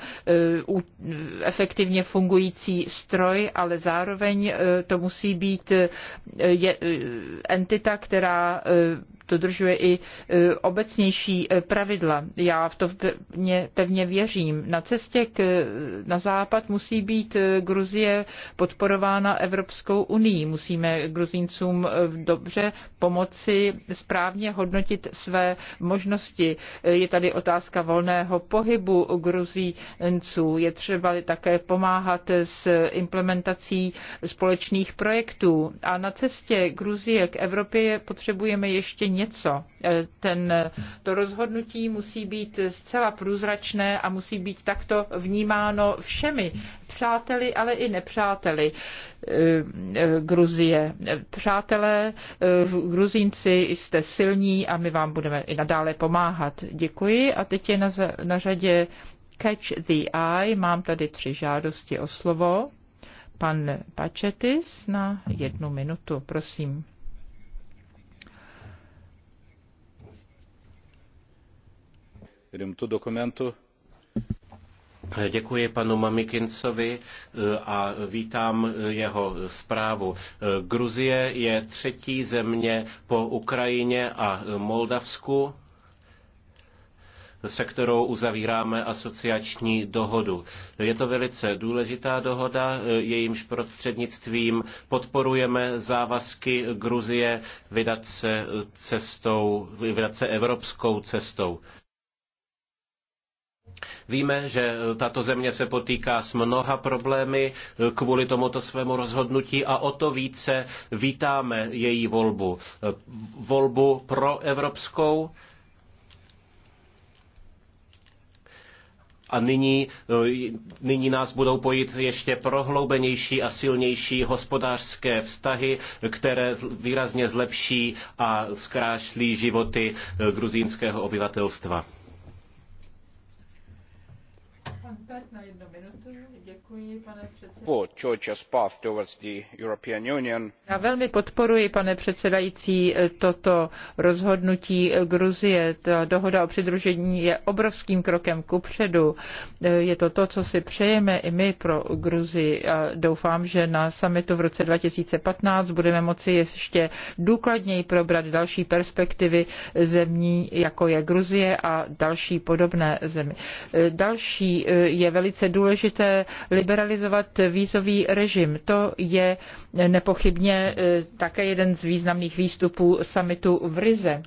efektivně fungující stroj, ale zároveň e, to musí být e, entita, která dodržuje i obecnější pravidla. Já v to pevně, pevně věřím. Na cestě k, na západ musí být Gruzie podporována Evropskou unii. Musíme Gruzincům dobře pomoci pomoci správně hodnotit své možnosti. Je tady otázka volného pohybu Gruzínců. Je třeba také pomáhat s implementací společných projektů. A na cestě Gruzie k Evropě potřebujeme ještě něco. E, ten, e, to rozhodnutí musí být zcela průzračné a musí být takto vnímáno všemi přáteli, ale i nepřáteli eh, eh, Gruzie. Přátelé, eh, Gruzínci jste silní a my vám budeme i nadále pomáhat. Děkuji a teď je na, na řadě Catch the Eye. Mám tady tři žádosti o slovo. Pan Pačetis na jednu minutu, prosím. tu dokumentu. Děkuji panu Mamikincovi eh, a vítám jeho zprávu. Eh, Gruzie je třetí země po Ukrajině a Moldavsku se kterou uzavíráme asociační dohodu. Je to velice důležitá dohoda, eh, jejímž prostřednictvím podporujeme závazky Gruzie vydat se cestou, vydat se evropskou cestou. Víme, že e, tato země se potýká s mnoha problémy e, kvůli tomuto svému rozhodnutí a o to více vítáme její volbu. E, volbu pro evropskou A nyní, nyní nás budou pojít ještě prohloubenější a silnější hospodářské vztahy, které výrazně zlepší a zkrášlí životy gruzínského obyvatelstva. Pan Pert na jednu minutu. Já velmi podporuji, pane předsedající, toto rozhodnutí Gruzie. Ta dohoda o přidružení je obrovským krokem kupředu. Je to to, co si přejeme i my pro Gruzii. A doufám, že na summitu v roce 2015 budeme moci ještě důkladněji probrat další perspektivy zemí, jako je Gruzie a další podobné zemi. Další eh, je velice důležité liberalizovat vízový režim. To je nepochybně eh, také jeden z významných výstupů samitu v Rize.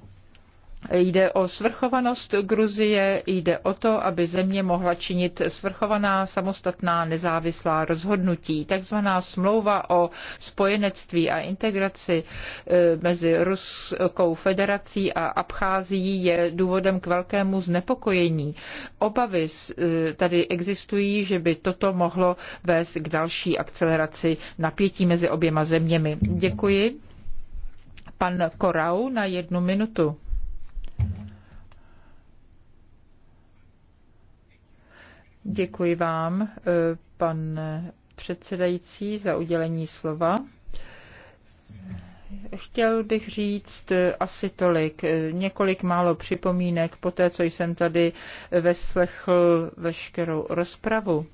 Jde o svrchovanost Gruzie, jde o to, aby země mohla činit svrchovaná, samostatná, nezávislá rozhodnutí. Takzvaná smlouva o spojenectví a integraci e, mezi Ruskou federací a Abcházií je důvodem k velkému znepokojení. Obavy e, tady existují, že by toto mohlo vést k další akceleraci napětí mezi oběma zeměmi. Děkuji. Pan Korau na jednu minutu. Děkuji vám, eh, pan předsedající, za udělení slova. Chtěl bych říct eh, asi tolik, eh, několik málo připomínek po té, co jsem tady veslechl veškerou rozpravu.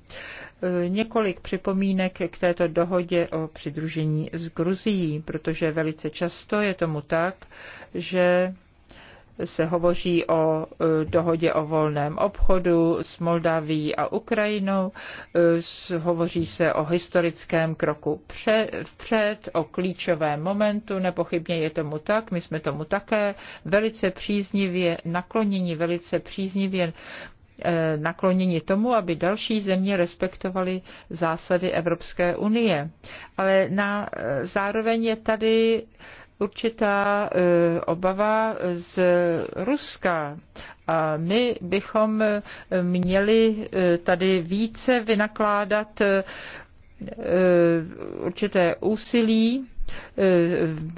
Několik připomínek k této dohodě o přidružení s Gruzií, protože velice často je tomu tak, že se hovoří o e, dohodě o volném obchodu s Moldaví a Ukrajinou, e, hovoří se o historickém kroku vpřed, o klíčovém momentu, nepochybně je tomu tak, my jsme tomu také velice příznivě nakloněni, velice příznivě e, nakloněni tomu, aby další země respektovaly zásady Evropské unie. Ale na, zároveň je tady určitá e, obava z Ruska. A my bychom měli e, tady více vynakládat e, určité úsilí,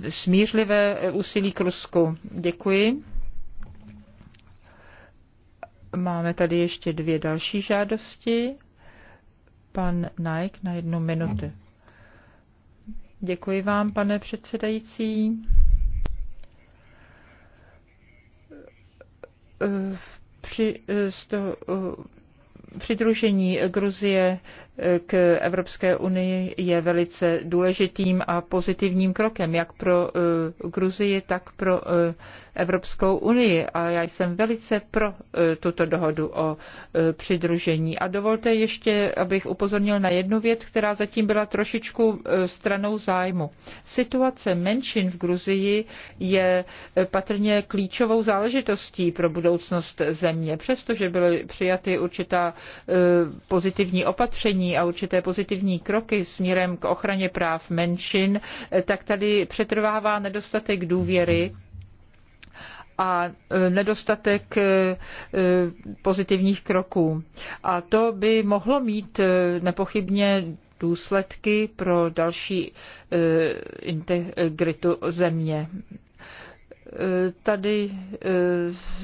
smířlivé úsilí k Rusku. Děkuji. Máme tady ještě dvě další žádosti. Pan Nike na jednu minutu. Děkuji vám, pane předsedající. Při, toho, eh, přidružení Gruzie k Evropské unii je velice důležitým a pozitivním krokem, jak pro eh, Gruzii, tak pro eh, Evropskou unii. A já jsem velice pro eh, tuto dohodu o přidružení. A dovolte ještě, abych upozornil na jednu věc, která zatím byla trošičku stranou zájmu. Situace menšin v Gruzii je patrně klíčovou záležitostí pro budoucnost země, přestože byly přijaty určitá pozitivní opatření, a určité pozitivní kroky směrem k ochraně práv menšin, eh, tak tady přetrvává nedostatek důvěry a eh, nedostatek eh, pozitivních kroků. A to by mohlo mít nepochybně důsledky pro další integritu země tady e,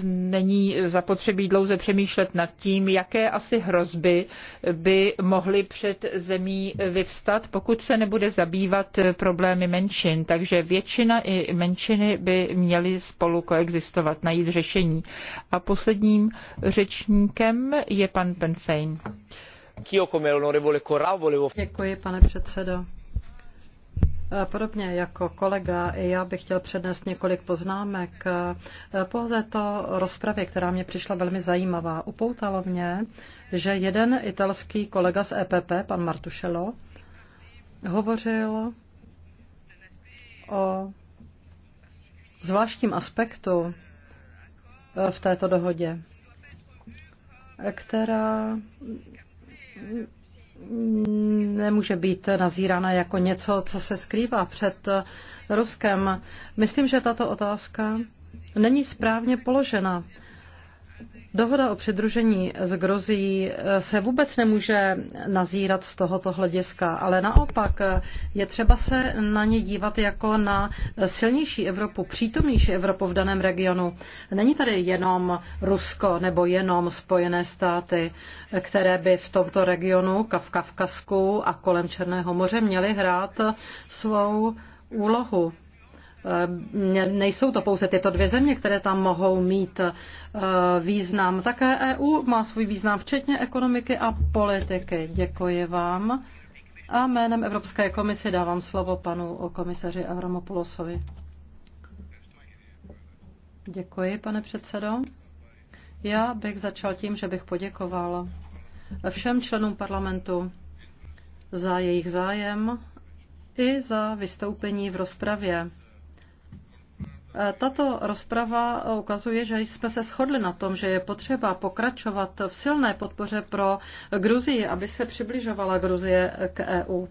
není zapotřebí dlouze přemýšlet nad tím, jaké asi hrozby by mohly před zemí vyvstat, pokud se nebude zabývat problémy menšin. Takže většina i menšiny by měly spolu koexistovat, najít řešení. A posledním řečníkem je pan Penfein. Děkuji, pane předsedo. Eh, podobně jako kolega, já bych chtěl přednést několik poznámek eh, po této rozpravě, která mě přišla velmi zajímavá. Upoutalo mě, že jeden italský kolega z EPP, pan Martušelo, hovořil o zvláštním aspektu eh, v této dohodě, která nemůže být nazírána jako něco, co se skrývá před Ruskem. Myslím, že tato otázka není správně položena. Dohoda o přidružení s Grozí eh, se vůbec nemůže nazírat z tohoto hlediska, ale naopak eh, je třeba se na ně dívat jako na silnější Evropu, přítomnější Evropu v daném regionu. Není tady jenom Rusko nebo jenom Spojené státy, eh, které by v tomto regionu, v Kavkazku a kolem Černého moře měly hrát svou úlohu. Eh, nejsou to pouze tyto dvě země, které tam mohou mít eh, význam. Také EU má svůj význam, včetně ekonomiky a politiky. Děkuji vám. A jménem Evropské komise dávám slovo panu komisaři Avramopoulosovi. Děkuji, pane předsedo. Já bych začal tím, že bych poděkoval všem členům parlamentu za jejich zájem i za vystoupení v rozpravě. Tato rozprava ukazuje, že jsme se shodli na tom, že je potřeba pokračovat v silné podpoře pro Gruzii, aby se přibližovala Gruzie k EU.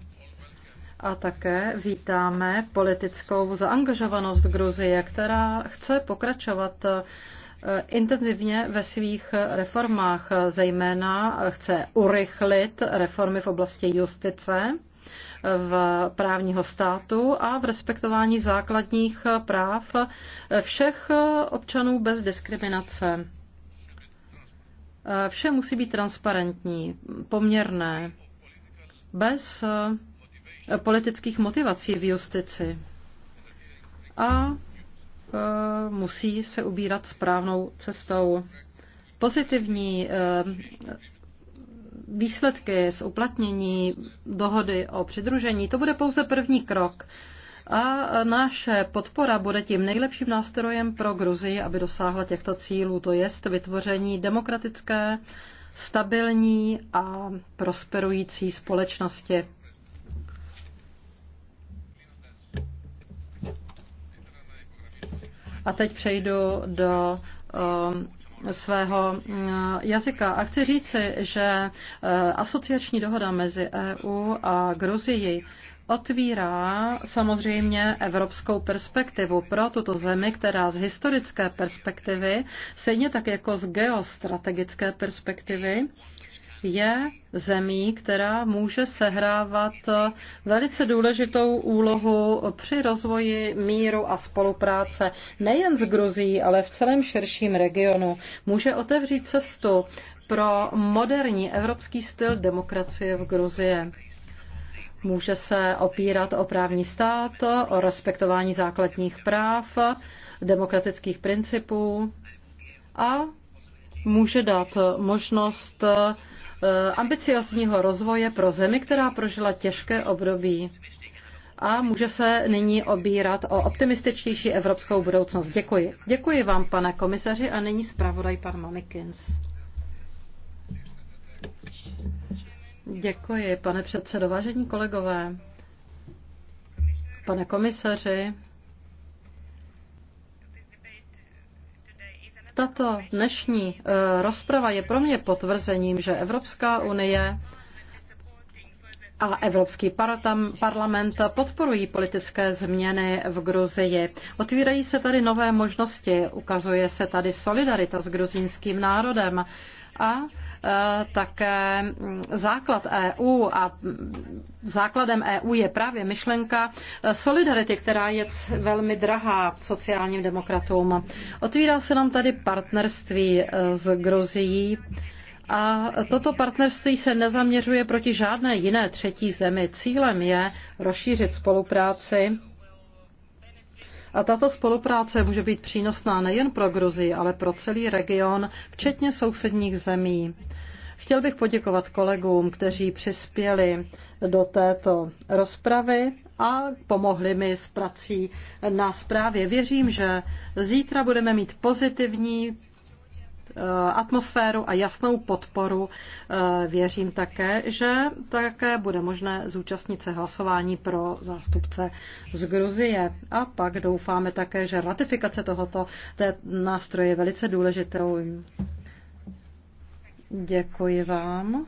A také vítáme politickou zaangažovanost Gruzie, která chce pokračovat eh, intenzivně ve svých reformách, zejména chce urychlit reformy v oblasti justice v právního státu a v respektování základních práv všech občanů bez diskriminace. Vše musí být transparentní, poměrné, bez politických motivací v justici a e, musí se ubírat správnou cestou. Pozitivní e, výsledky z uplatnění dohody o přidružení, to bude pouze první krok. A naše podpora bude tím nejlepším nástrojem pro Gruzii, aby dosáhla těchto cílů, to je vytvoření demokratické, stabilní a prosperující společnosti. A teď přejdu do um, svého eh, jazyka. A chci říci, že eh, asociační dohoda mezi EU a Gruzií otvírá samozřejmě evropskou perspektivu pro tuto zemi, která z historické perspektivy, stejně tak jako z geostrategické perspektivy, je zemí, která může sehrávat velice důležitou úlohu při rozvoji míru a spolupráce nejen s Gruzí, ale v celém širším regionu. Může otevřít cestu pro moderní evropský styl demokracie v Gruzii. Může se opírat o právní stát, o respektování základních práv, demokratických principů a může dát možnost Eh, ambiciozního rozvoje pro zemi, která prožila těžké období a může se nyní obírat o optimističtější evropskou budoucnost. Děkuji. Děkuji vám, pane komisaři, a nyní zpravodaj pan Mamikins. Děkuji, pane předsedo. Vážení kolegové, pane komisaři, Tato dnešní eh, rozprava je pro mě potvrzením, že Evropská unie a Evropský parlament podporují politické změny v Gruzii. Otvírají se tady nové možnosti, ukazuje se tady solidarita s gruzínským národem a Eh, také mm, základ EU a mm, základem EU je právě myšlenka eh, solidarity, která je velmi drahá sociálním demokratům. Otvírá se nám tady partnerství eh, s Gruzií. A toto partnerství se nezaměřuje proti žádné jiné třetí zemi. Cílem je rozšířit spolupráci a tato spolupráce může být přínosná nejen pro Gruzii, ale pro celý region, včetně sousedních zemí. Chtěl bych poděkovat kolegům, kteří přispěli do této rozpravy a pomohli mi s prací na zprávě. Věřím, že zítra budeme mít pozitivní Eh, atmosféru a jasnou podporu. Eh, věřím také, že také bude možné zúčastnit se hlasování pro zástupce z Gruzie. A pak doufáme také, že ratifikace tohoto té nástroje je velice důležitou. Děkuji vám.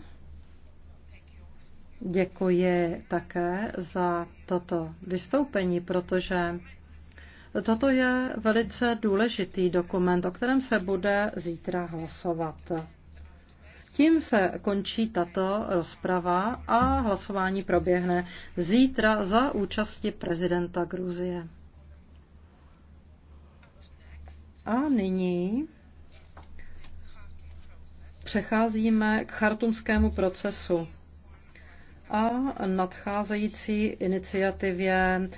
Děkuji také za toto vystoupení, protože Toto je velice důležitý dokument, o kterém se bude zítra hlasovat. Tím se končí tato rozprava a hlasování proběhne zítra za účasti prezidenta Gruzie. A nyní přecházíme k chartumskému procesu a nadcházející iniciativě